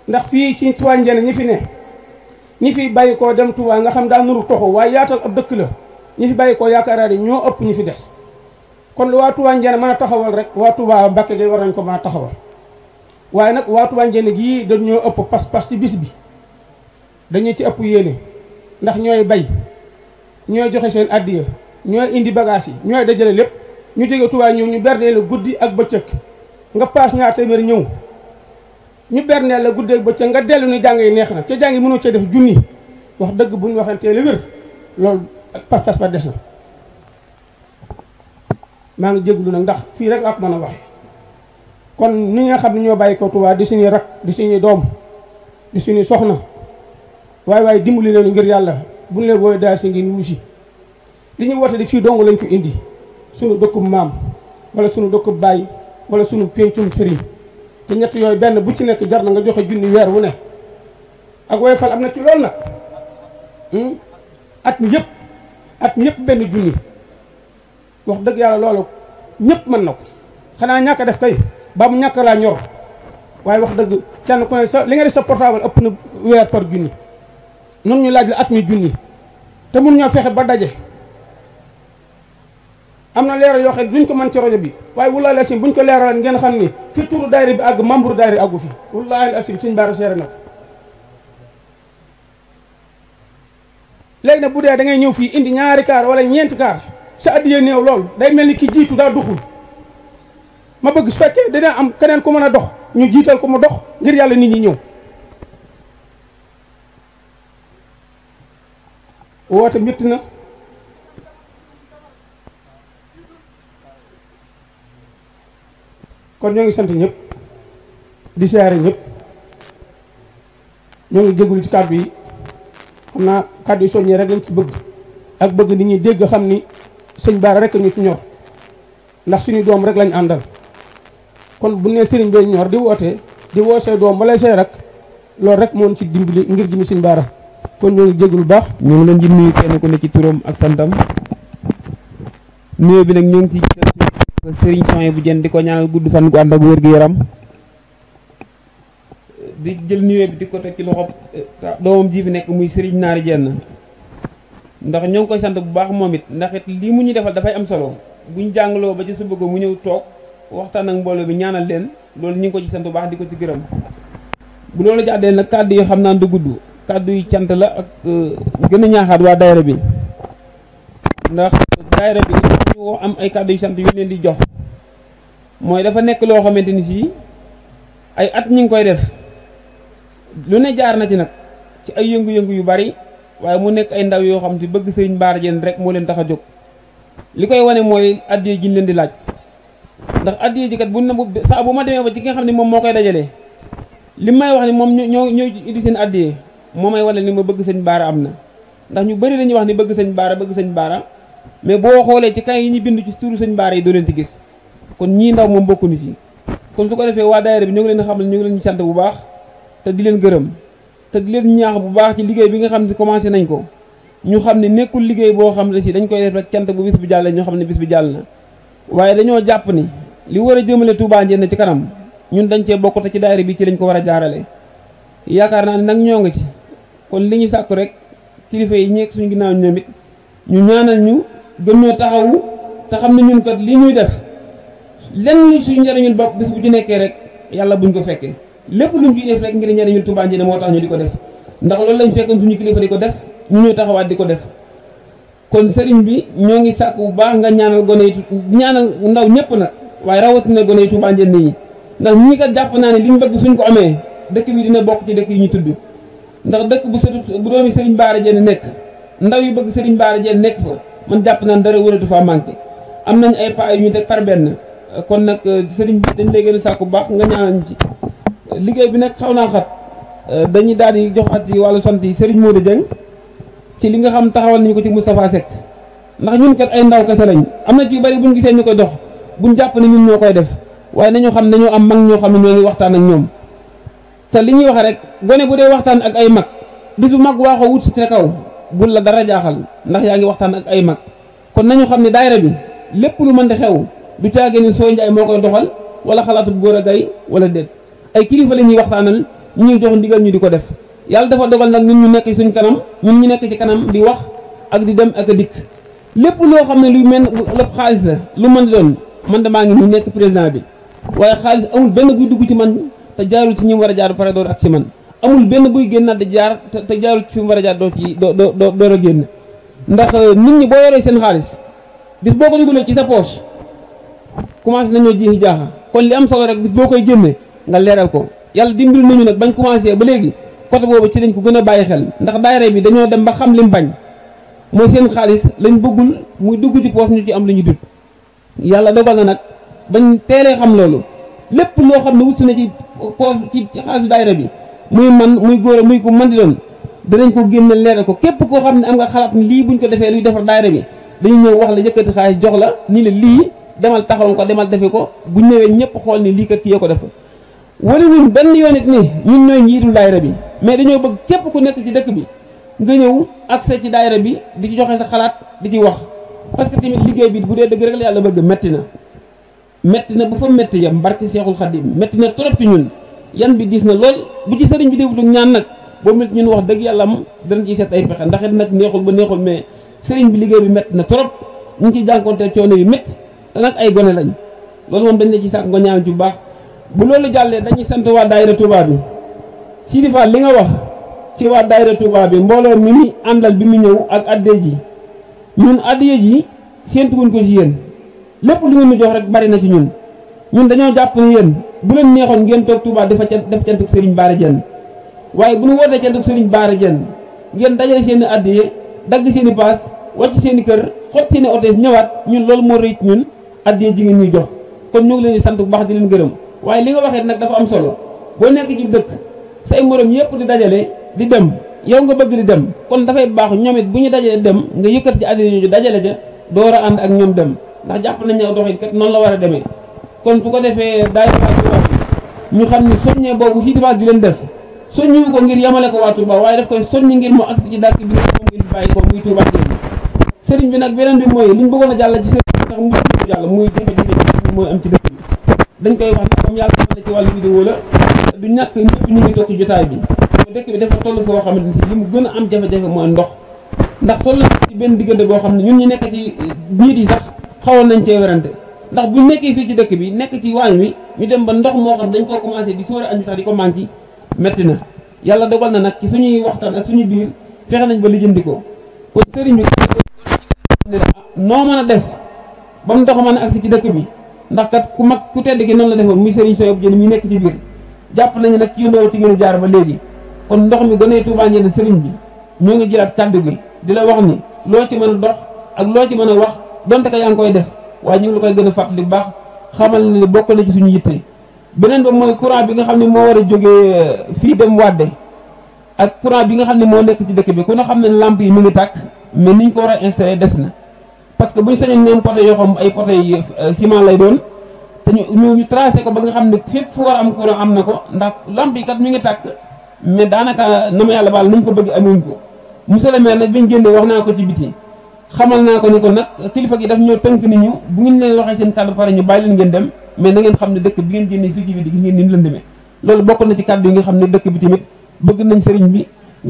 ndax fii ci Touba Ndiéné ñi fi ne ñi fi bàyyi koo dem Touba nga xam daa nuru toxu waaye yaatal ab dëkk la ñi fi bàyyi koo ñoo ëpp ñi fi des kon lu waa Touba Ndiéné mën a taxawal rek waa Touba Mbacké gi war nañ ko mën a taxawal waaye nag waa Touba Ndiéné gii dañoo ëpp pas-pas ci bis bi dañu ci ëpp yéene ndax ñooy bay ñooy joxe seen addiya ñooy indi bagage yi ñooy dajale lépp ñu jóge Touba ñëw ñu bernee la guddi ak bëccëg nga paas ñaar téeméer ñëw ñu berne la gudde ba bëccëg nga delu ni jàng yi neex na ca jàng yi mënoo cee def junni wax deug buñ waxante le la wér loolu pass pas ba dess na ma nga jéglu nak ndax fi rek ak mëna wax a kon ni nga xamni ne ñoo bàyyi ko di suñu rak di suñu dom di suñu soxna way way dimbali leen ngir yalla buñ le boy booy daal si ngeen wuusi li ñu di fi dong lañ ko indi suñu dokku mam wala suñu dokku bay wala suñu pencum serigne te ñett yooyu benn bu ci nekk jar na nga joxe junni weer wu ne ak woyofal am na ci loolu nag hmm? at mi yëpp at mi yëpp benn junni wax dëgg yàlla loola ñëpp mën na ko xanaa ñàkk def kay ba mu ñàkk laa ñor waaye wax dëgg kenn ku ne sa li nga def sa portable ëpp na weer par junni nun ñu laaj la at mi junni te mun ñoo fexe ba daje am na leeral yoo xam ne duñ ko mën ci rajo bi waaye wallaahi lasim buñ ko leeral ngeen xam ni fi turu daayira bi àgg membre daayira àggu fi wallaahi lasim suñ baara seere na ko léegi nag bu dee da ngay ñëw fii indi ñaari kaar wala ñeenti kaar sa addiya néew lool day mel ni ki jiitu daa duxul ma bëgg su fekkee dina am keneen ku mën a dox ñu jiital ko mu dox ngir yàlla nit ñi ñëw woote métti na kon ñoo ngi sant ñëpp di siyaare ñëpp ñoo ngi jégalu ci kàddu bi xam naa kàddu yi soññee rek lañ ci bëgg ak bëgg nit ñi dégg xam ni sëñ Baara rek ñu ci ñor ndax suñu doom rek lañ àndal kon bu nee sëriñ bee ñor di woote di woo say doom wala see rak loolu rek moon ci dimbali ngir jimi sëñ Baara kon ñoo ngi jégalu baax. ñoo ngi leen di kenn ku ne ci turam ak santam nuyoo bi nag ñoo ngi ci sering soin bu jen di ko ñaanal gudd fan gu ànd ak gu yaram di jël nuyoo bi di ko teg ci loxo eh, doomam ji fi nekk muy sëriñ nari jenn ndax ñoo koy sant bu baax moom ndax it mu ñu defal am solo buñ jàngaloo ba ci su bëgg mu ñëw toog waxtaan ak mbooloo bi ñaanal leen loolu ñu ngi ko ci sant bu baax di ci gërëm bu loolu jàddee nag kàddu yi du gudd kàddu yi cant la ak eh, gën ñaaxaat bi daayira bi ñu am ay cadeau yu sant yu leen di jox mooy dafa nekk loo xamante ni si ay at ñi ngi koy def lu ne jaar na ci nag ci ay yëngu-yëngu yu bari waaye mu nekk ay ndaw yoo xam te bëgg sëñ Bara jeen rek moo leen tax a jóg li koy wane mooy addiyee ji leen di laaj ndax addiyee ji kat bu ne saa bu ma demee ba ci nga xam ne moom moo koy dajale li may wax ni moom ñoo ñoo indi seen addiyee moo may wane ni ma bëgg sëñ Bara am na ndax ñu bari dañuy wax ni bëgg sëñ Bara bëgg sëñ Bara mais boo xoolee ci kay yi ñu bind ci turu sëñ baar yi doo leen ci gis kon ñii ndaw moom bokkuñu fii kon su ko defee waa daayira bi ñu ngi leen xam ne ñu ngi leen di sant bu baax te di leen gërëm te di leen ñaax bu baax ci liggéey bi nga xam ne commencé nañ ko ñu xam ne nekkul liggéey boo xam ne si dañ koy def rek cant bu bis bu jàllee ñu xam ne bis bi jàll na waaye dañoo jàpp ni li war a jëmale Touba Ndiéné ci kanam ñun dañ cee bokk te ci daayira bi ci lañ ko war a jaarale yaakaar naa ne nag ñoo ngi ci kon li ñu sàkku rek kilifa yi ñeek suñu ginnaaw ñoom it ñu ñaanal ñu gën ñoo taxawu te xam ne ñun ko li ñuy def lenn suñu njëriñul bokk bis bu ci nekkee rek yàlla buñ ko fekkee lépp luñ ciy def rek ngir njëriñul Touba Ndiéné moo tax ñu di ko def ndax loolu lañ fekkoon suñu kilifa di ko def ñu ñuy taxawaat di ko def kon sëriñ bi ñoo ngi sàkk bu baax nga ñaanal gone yi ñaanal ndaw ñëpp na waaye rawatina gone yi Touba Ndiéné yi ndax ñii kat jàpp naa ne liñ bëgg suñ ko amee dëkk bi dina bokk ci dëkk yi ñu tudd ndax dëkk bu sëtu bu doomi sëriñ Bara Ndiéné nekk ndaw yu bëgg Serigne Bara Diène nekk fa man jàpp naan dara wëratu fa manqué am nañ ay pas yu ñu teg kon nag euh, Serigne dañ lay gën a sàkku baax nga ñaanal ci liggéey bi nag xaw naa xat euh, dañuy daal di joxaat ci wàllu sant yi Serigne Modou Dieng ci li nga xam taxawal nañu ko ci Moustapha Seck ndax ñun kat ay ndaw kese lañ am na ci yu bëri buñ gisee ñu koy dox buñ jàpp ne ñun moo koy def waaye nañu xam dañoo am mag ñoo xam ne ñoo ngi waxtaan ak ñoom te li ñuy wax rek gone bu dee waxtaan ak ay mag bis bu mag waaxoo wut ci ca kaw bul la dara jaaxal ndax yaa ngi waxtaan ak ay mag kon nañu xam ne daayira bi lépp lu mën di xew du caage ni sooy njaay moo koy doxal wala xalaatub góor a gay wala déet ay kilifa la ñuy waxtaanal ñu ñuy jox ndigal ñu di ko def yàlla dafa dogal nag ni ñu nekk suñ kanam ñun ñu nekk ci kanam di wax ak di dem ak a dikk lépp loo xam ne luy mel lépp xaalis la lu mën doon man de maa ngi nii nekk président bi waaye xaalis amul benn guy dugg ci man te jaarul ci ñi war a jaar pare door ak ci man amul benn buy génnaat di jaar te jaarul fi mu war a jaar doo ci doo doo doo door a génn ndax euh, nit ñi boo yoree seen xaalis bis boo ko dugalee ci sa poche commencé nañoo jiixi jaaxa kon li am solo rek bis boo koy génnee nga leeral ko yàlla dimbali nañu nag bañ commencé ba léegi côté boobu ci lañ ko gën a bàyyi xel ndax daayira bi dañoo dem ba xam lim bañ mooy seen xaalis lañ bëggul muy dugg ci poche ñu ci am lu ñu dut yàlla dogal na nag bañ teelee xam loolu lépp loo xam ne wut na ci poche ci xaalisu daayira bi muy man muy góor muy ko man di doon danañ ko génne leeral ko képp koo xam ne am nga xalaat ni lii buñ ko defee luy defar daayira bi dañuy ñëw wax la yëkkati xaalis jox la ni la lii demal taxawal ko demal defe ko bu newee ñëpp xool ni lii kat kii ko def wala ñun benn yoon it ni ñun ñooy njiitul daayira bi mais dañoo bëgg képp ku nekk ci dëkk bi nga ñëw accès ci daayira bi di ci joxe sa xalaat di ci wax parce que tamit liggéey bi bu dee dëgg rek la yàlla bëgg metti na metti na bu fa metti yam barki seexul xadim metti na trop ci yan bi diis na lool bu ci sëriñ bi déwutug ñaan nag boo mel ñun wax dëgg yàlla am danañ ciy seet ay pexe ndax it nag neexul ba neexul mais sëriñ bi liggéey bi metti na trop ñu ngi ciy jànkonteel coono yu métti te nag ay gone lañ loolu moom dañ la ci sàkk nga ñaan ci bu baax bu loolu jàllee dañuy sant waa daayira Touba bi Sidi Fall li nga wax ci waa daayira Touba bi mbooloo mi mi àndal bi mu ñëw ak addee ji ñun addee ji séentuguñ ko ci yéen lépp lu ngeen ñu jox rek bari na ci ñun ñun dañoo jàpp ne yéen bu len neexon ngeen tok Touba ci def ci ak Serigne bari Diène waye bu nu wote ci ak Serigne bari Diène ngeen dajale seen i addiye dagg seen pass wacc seen keur xot seen hotel ñewat ñun loolu mo reet ñun addiye ji ngeen ñi jox kon ñu ngi leen di sant bu baax di leen gërëm waye li nga waxe nak dafa am solo bo nekk ci dekk say morom yépp di dajale di dem yow nga bëgg di dem kon da fay baax ñomit bu ñu dajale dem nga yëkkat ci addiye ñu dajale ja doora and ak ñom dem ndax japp nañ ne doxit kat non la wara a demee kon su ko defee daay waa ñu xam ni soññee boobu si difaat di leen def soññu ko ngir yamale ko waa Touba waaye daf koy soññi ngir mu agsi ci dàkk bi nga xam ngeen bàyyi bi nag beneen bi mooy li ñu bëggoon a jàll ci sëriñ bi mooy am ci dëkk bi dañ koy wax ne comme yàlla na ci wàllu vidéo la du ñàkk ñëpp ñu ngi toog ci jotaay bi dëkk bi dafa toll foo xamante ni li mu gën a am jafe-jafe mooy ndox ndax toll na ci benn diggante boo xam ne ñun ñu nekk ci biir yi sax xawoon nañ cee werante ndax bu nekkee fii ci dëkk bi nekk ci waañ wi ñu dem ba ndox moo xam dañ koo commencé di sóore añ bi sax di ko manqué metti na yàlla dogal na nag ci suñuy waxtaan ak suñu biir fexe nañ ba lijjanti ko kon sëriñ bi noo mën a def ba mu ndox mën a agsi ci dëkk bi ndax kat ku mag ku tedd gi noonu la defoon muy sëriñ Soyob jën mi nekk ci biir jàpp nañu nag ci yoon ci gën a jaar ba léegi kon ndox mi gënee Tuubaa ñenn sëriñ bi ñoo ngi jëlaat kàddu gi di la wax ni loo ci mën a dox ak loo ci mën a wax donte ko yaa ngi koy def waaye ñu ngi koy gën a fàttali bu baax xamal ne bokk na ci suñu yitte beneen ba mooy courant bi nga xam ne moo war a jógee eh, fii dem wàdde ak courant bi nga xam ne moo nekk ci dëkk bi ku ne xam ne lamp yi mu ngi tàkk mais niñ ko war a des na parce que buñ sañoon ñoom poteaux yoo xam ay poteaux yi eh, ciment lay doon te ñu ñu ko ba nga xam ne fépp fu war am courant am na ko ndax lamp yi kat mi ngi tàkk mais daanaka na ma yàlla baal nañ ko bëgg amuñ ko monsieur le maire nag biñ génnee wax naa ko ci biti xamal naa ko ni ko nag kilifa gi daf ñoo tënk ni ñu bu ngeen leen waxee seen kàddu pare ñu bàyyi leen ngeen dem mais na ngeen xam ne dëkk bi ngeen génne fii ci bi di gis ngeen ni mu leen demee loolu bokk na ci kàddu yi nga xam ne dëkk bi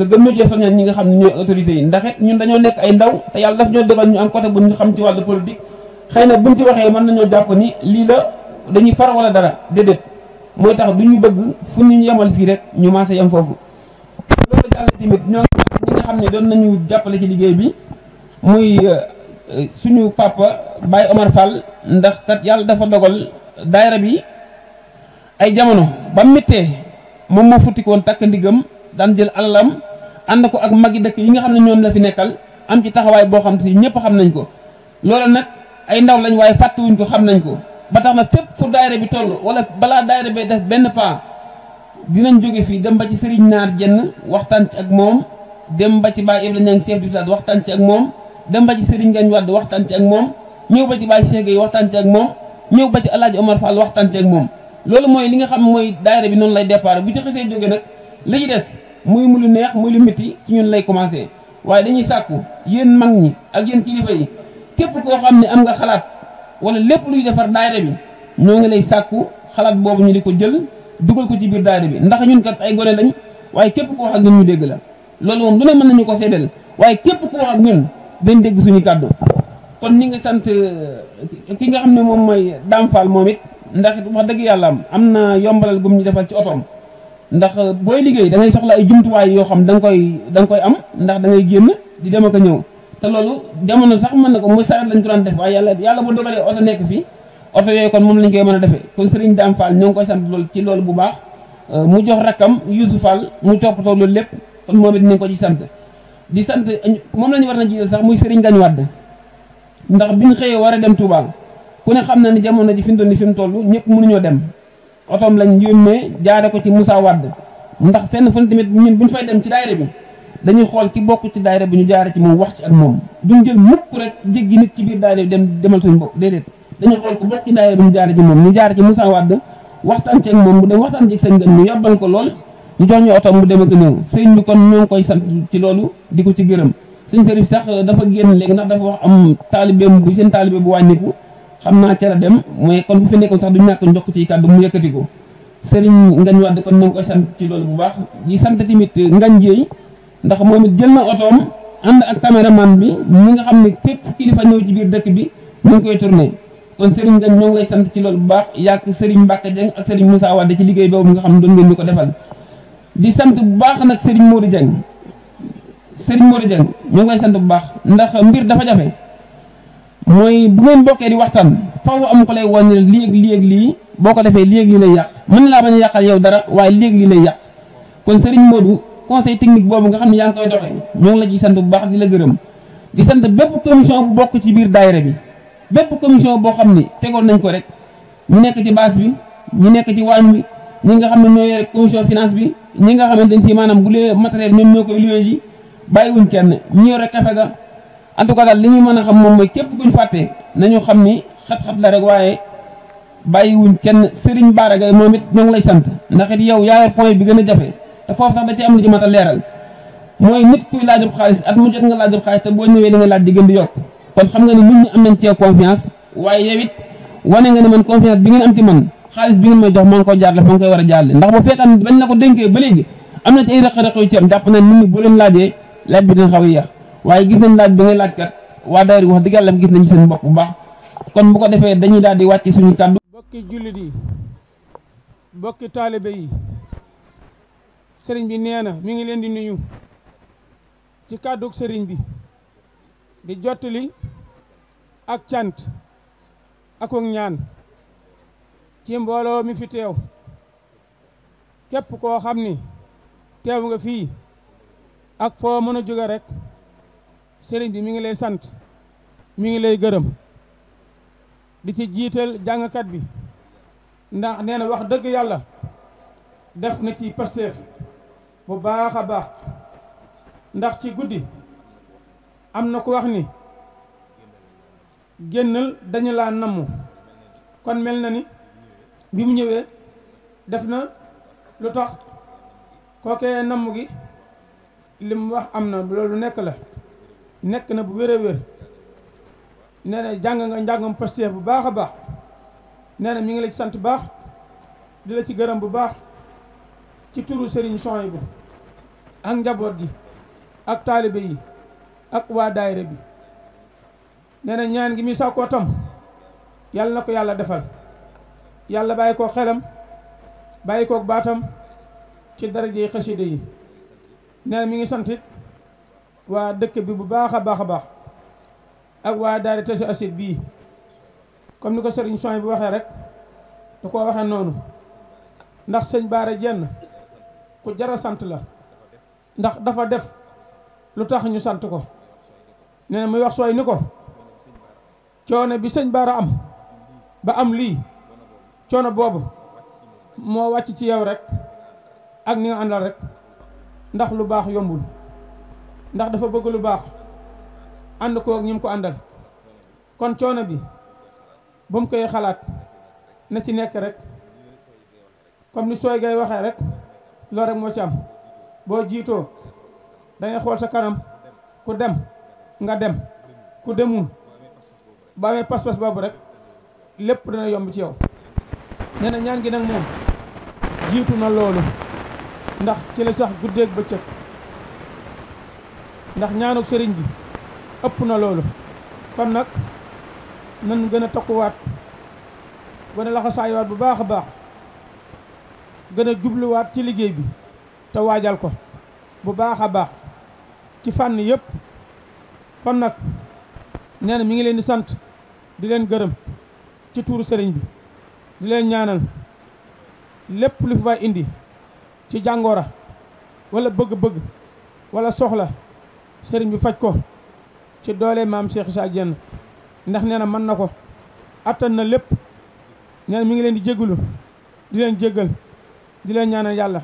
tamit ñu cee soññal ñi nga xam ne ñooy autorités yi ndax it ñun dañoo nekk ay ndaw te yàlla daf ñoo defal ñu am côté bu ñu xam ci na buñ ci waxee mën nañoo jàpp ni lii la dañuy far wala dara déedéet mooy tax du ñu bëgg fu ñu yemal fii rek ñu maase yam foofu loolu jàll tamit ñoo xam ne doon nañu jàppale ci liggéey bi muy euh, suñu papa Baye Omar Fall ndax kat yàlla dafa dogal daayira bi ay jamono ba méttee moom moo futti koon takk ndigam daan jël alalam ànd ko ak magi dëkk yi nga xam ne ñoom la fi nekkal am ci taxawaay boo xam ni ñëpp xam nañ ko. loolu nag ay ndaw lañ waaye fàttewuñ ko xam nañ ko ba tax na fépp fu daayira bi toll wala balaa daayira bay def benn pas dinañ jóge fii dem ba ci Serigne Naar jenn waxtaan ci ak moom dem ba ci Baye Ibrahima Niang chef du village waxtaan ci ak moom. dem ba ci Serigne Ngagne Wade waxtaan ci ak moom ñëw ba ci Baye Cheikh Gueye waxtaan ci ak moom ñëw ba ci El Hadj Omar Fall waxtaan ci ak moom. loolu mooy li nga xam mooy daayira bi noonu lay départ bu ci xasee jóge nag li ci des muy mu lu neex muy lu métti ci ñun lay commencé waaye dañuy sàkku yéen mag ñi ak yéen kilifa yi képp koo xam ne am nga xalaat wala lépp luy defar daayira bi ñoo ngi lay sàkku xalaat boobu ñu di ko jël dugal ko ci biir daayira bi ndax ñun kat ay gone lañ waaye képp koo xam ñun ñu dégg la loolu moom lu ne mën nañu ko seddal waaye képp koo xam ñun dañ dégg suñu kàddu kon ni ngi sant euh, ki nga xam ne moom mooy Dame Fall moom it ndax wax dëgg yàlla am am na yombalal gum ñu defal ci otoom ndax euh, booy liggéey da ngay soxla ay jumtuwaay yoo xam da nga koy da koy am ndax dangay ngay génn di dem ak a ñëw te loolu jamono sax mën na ko mooy saret lañ ko daan def waaye yàlla yàlla bu dogalee oto nekk fii oto yooyu kon moom lañ koy mën a defe kon Serigne Dame Fall ñoo ngi koy sant loolu ci loolu bu baax euh, mu jox rakkam Youssou Fall mu toppatoo loolu lépp kon moom it ñu ko ci sant di sant añ moom lañu war na jiital sax muy Serigne Ngagne Wade ndax bi biñ xëyee war a dem Touba ku ne xam na ne jamono ji fi mu toll nii fi mu toll ñëpp mënuñoo dem otoom lañ yónnee jaare ko ci Moussa Wade ndax fenn fu ne tamit bu buñ fay dem ci daayira bi dañuy xool ki bokk ci daayira bi ñu jaare ci moom wax ci ak moom duñ jël mukk rek jéggi nit ci biir daayira bi dem demal suñu bopp déedéet dañuy xool ku bokk ci daayira bi ñu jaare ci moom ñu jaare ci Moussa Wade waxtaan ci ak moom bu dem waxtaan ci seen gan ñu yàbbal ko lool ñu jox ñu oto mu dem ak ñëw sëriñ bi kon ñoo koy sant ci loolu di ko ci gërëm sëñ Serif sax dafa génn léegi ndax dafa wax am taalibeem bu seen taalibe bu wàññiku xam naa cere dem mooy kon bu fi nekkoon sax du ñàkk ci kàddu mu yëkkati ko sëriñ Ngañ Wàdd kon ñoo ngi koy sant ci loolu bu baax di sant tamit Ngañ Jéey ndax moom it jël na otoom ànd ak man bi ñi nga xam ni fépp kilifa ñëw ci biir dëkk bi ñu ngi koy tourné kon sëriñ Ngañ ñoo ngi lay sant ci loolu bu baax yàgg sëriñ Mbàkke Jeng ak sëriñ Moussa Wàdd ci liggéey boobu nga xam ne doon ngeen ñu ko defal di sant bu baax nag sëriñ Modou Dieng Serigne Modou Dieng ñu ngi koy sant bu baax ndax mbir dafa jafe mooy bu ngeen bokkee di waxtaan faaw am ko lay wàññi ne lii ak lii lii boo ko defee lii ak lii lay yàq mën na laa bañ a yàqal yow dara waaye lii ak lii lay yàq kon sëriñ moodu conseil technique boobu nga xam ne yaa ngi koy doxee ñoo ngi la ci sant bu baax di la gërëm di sant bépp commission bu bokk ci biir daayira bi bépp commission boo xam ne tegoon nañ ko rek nekk ci bi ñu nekk ñi nga xam ne ñoo yore commission finance bi ñi nga xamante ne si maanaam bu lee matériel même ñoo koy luwee ji bàyyiwuñ kenn ñi yore kafe ga en tout cas li ñu mën a xam moom mooy képp kuñ fàtte nañu xam ni xat-xat la rek waaye bàyyiwuñ kenn Serigne Bara Gaye moom it ñoo lay sant ndax it yow yaa yor point bi gën a jafe te foofu sax da ci am lu ci a leeral mooy nit kuy laajub xaalis at mu jot nga laajub xaalis te boo ñëwee li nga laaj di gën kon xam nga ni nit ñi am nañ cee confiance waaye yow it wane nga ni man bi ngeen am ci man xaalis bi nga may jox moo ngi ko jaarle fa nga koy war a jaarle ndax bu fekkan bañ na ko dénkee ba léegi am na ci ay rëq-rëq yu ci am jàpp na nit ñi bu leen laajee laaj bi dina xaw a waaye gis nañ laaj ba ngay laaj kat waa daayira wax dëgg yàlla gis nañ seen bokk bu baax kon bu ko defee dañuy daal di wàcc suñu kàddu bokki jullit yi bokki taalibe yi sëriñ bi nee na mi ngi leen di nuyu ci kàddug sëriñ bi di jottali ak cant ak ñaan ci mbooloo mi fi teew képp koo xam ni teew nga fii ak foo mën a jóge rek sëriñ bi mi ngi lay sant mi ngi lay gërëm di ci jiital jàngkat bi ndax nee na wax dëgg yàlla def na ci pasteef bu baax a baax ndax ci guddi am na ku wax ni génnal dañu laa namm kon mel na ni bi mu ñëwee def na lu tax kookee namm gi li wax am na la lu nekk la nekk na bu wér wér nee na jàng nga njàngam Pastef bu baax a baax nee na mi ngi la ci sant baax di la ci gërëm bu baax ci turu Serigne Souhaïbou ak njaboot gi ak taalibe yi ak waa daayira bi nee na ñaan gi muy sàkkoo tam yàlla na ko yàlla defal yàlla bàyyi koog xelam bàyyi kook baatam ci daraje xasida yi nee mi ngi santit waa dëkk bi bu baax a baax a baax ak waa daari tasu asid bii comme ni ko sëriñ Soñ bi waxe rek da ko waxe noonu ndax sëñ Baara Jenn ku jara sant la ndax dafa def lu tax ñu sant ko nee na muy wax sooy ni ko coone bi sëñ Baara am ba am lii coono boobu moo wàcc ci yow rek ak ni nga rek ndax lu baax yombul ndax dafa bëgg lu baax ànd ko ak ko àndal kon coono bi ba koy xalaat na ci nekk rek comme ni sooy gay waxee rek loolu rek moo ci am boo jiitoo dangay xool sa kanam ku dem nga dem ku demul ba amee pas-pas boobu rek lépp dana yomb ci yow nee ñaan gi nak mom jitu na lolu ndax ci la sax ak bëccëg ndax ñaanuk serigne bi ëpp na lolu kon nag nan takku waat gëna la xassay waat bu baax baax gëna jublu waat ci liggéey bi ta waajal ko bu baaxa baax ci fann yëpp kon nak mi ngi leen di sant di leen gërëm ci touru serigne bi di leen ñaanal lepp lu fay indi ci jangora wala bëgg-bëgg wala soxla sëriñ bi fajj ko ci doole maam Cheikh Issa jenn ndax neena na nako na na mi ngi leen di jéggulu di leen jéggal di leen ñaanal yalla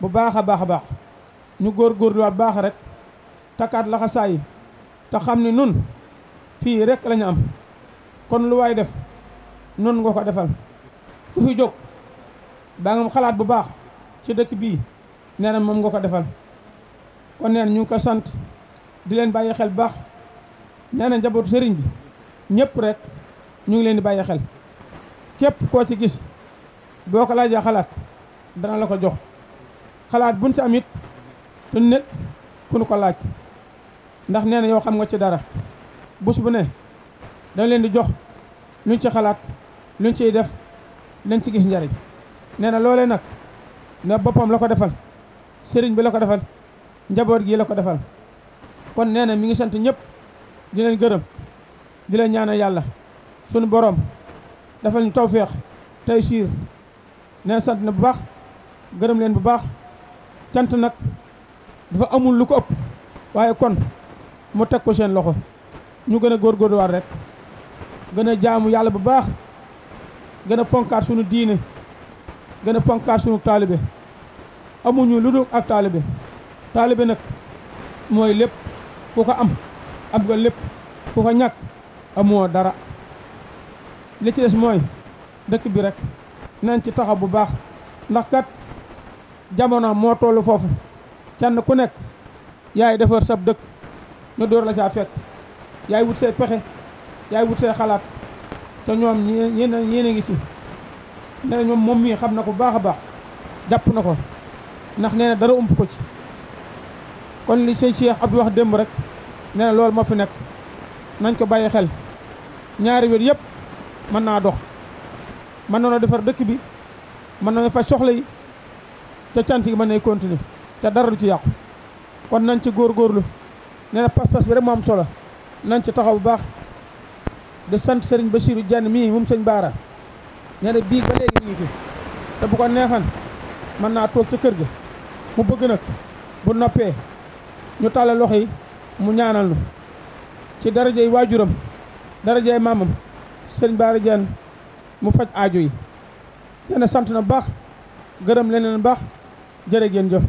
bu baax a baax ñu gor gor lu baax rek takkaat la ta xamni nun fi rek lañu am kon lu way def nun nga ko defal ku fi jog ba nga xalaat bu baax ci dekk bi neena mom nga ko defal kon neen ñu ko sant di leen baye xel baax neena njabot serigne bi ñepp rek ñu ngi leen di baye xel kep ko ci gis boko la laajee xalaat dana la ko jox xalaat buñ ci amit it duñ ku ko laaj ndax neena yow xam nga ci dara bus bu ne dañ leen di jox luñ ci xalaat luñ ci def nañ ci gis njariñ nee na loolee nag na boppam la ko defal sëriñ bi la ko defal njaboot gii la ko defal kon nee na mi ngi sant ñëpp di leen gërëm di leen ñaanal yàlla sunu boroom defal ñu tawféex tey siir nee na sant na bu baax gërëm leen bu baax cant nag dafa amul lu ko ëpp waaye kon mu teg ko seen loxo ñu gën a góorgóorluwaat rek gën a jaamu yàlla bu baax gën a fonkaat sunu diine gën a fonkaat sunu taalibe amuñu lu dul ak taalibe taalibe nag mooy lépp ku ko am am nga lépp ku ko ñàkk amoo dara li mooy dëkk bi rek nañ ci taxaw bu baax ndax kat jamono moo tollu foofu kenn ku nekk yaay defar sab dëkk ñu door la caa fekk yaay wut say pexe yaay wut say xalaat te ñoom ñeen ñeen a ngi ci nee ñoom moom mii xam na ko baax a baax jàpp na ko ndax nee na dara ko ci kon li sëñ Cheikh Abdou wax démb rek nee na loolu moo fi nekk nañ ko bàyyi xel ñaari wér yëpp mën naa dox mën na defar dëkk bi mën na fa soxla yi te cant yi mën nay continuer te dara du ci yàqu kon nañ ci góor nee na pas-pas bi rek moo am solo nañ ci taxaw bu baax di sant sëriñ Bassirou jan mii moom sëñ Baara nee na bii ba léegi mi ngi te bu ko neexan mën naa toog ca kër ga mu bëgg nag bu noppee ñu tàllal loxo yi mu ñaanal nu ci darajey waajuram dara darajey maamam sëriñ Baara Diagne mu faj aajo yi nee na sant na baax gërëm leneen baax jërë ngeen jëf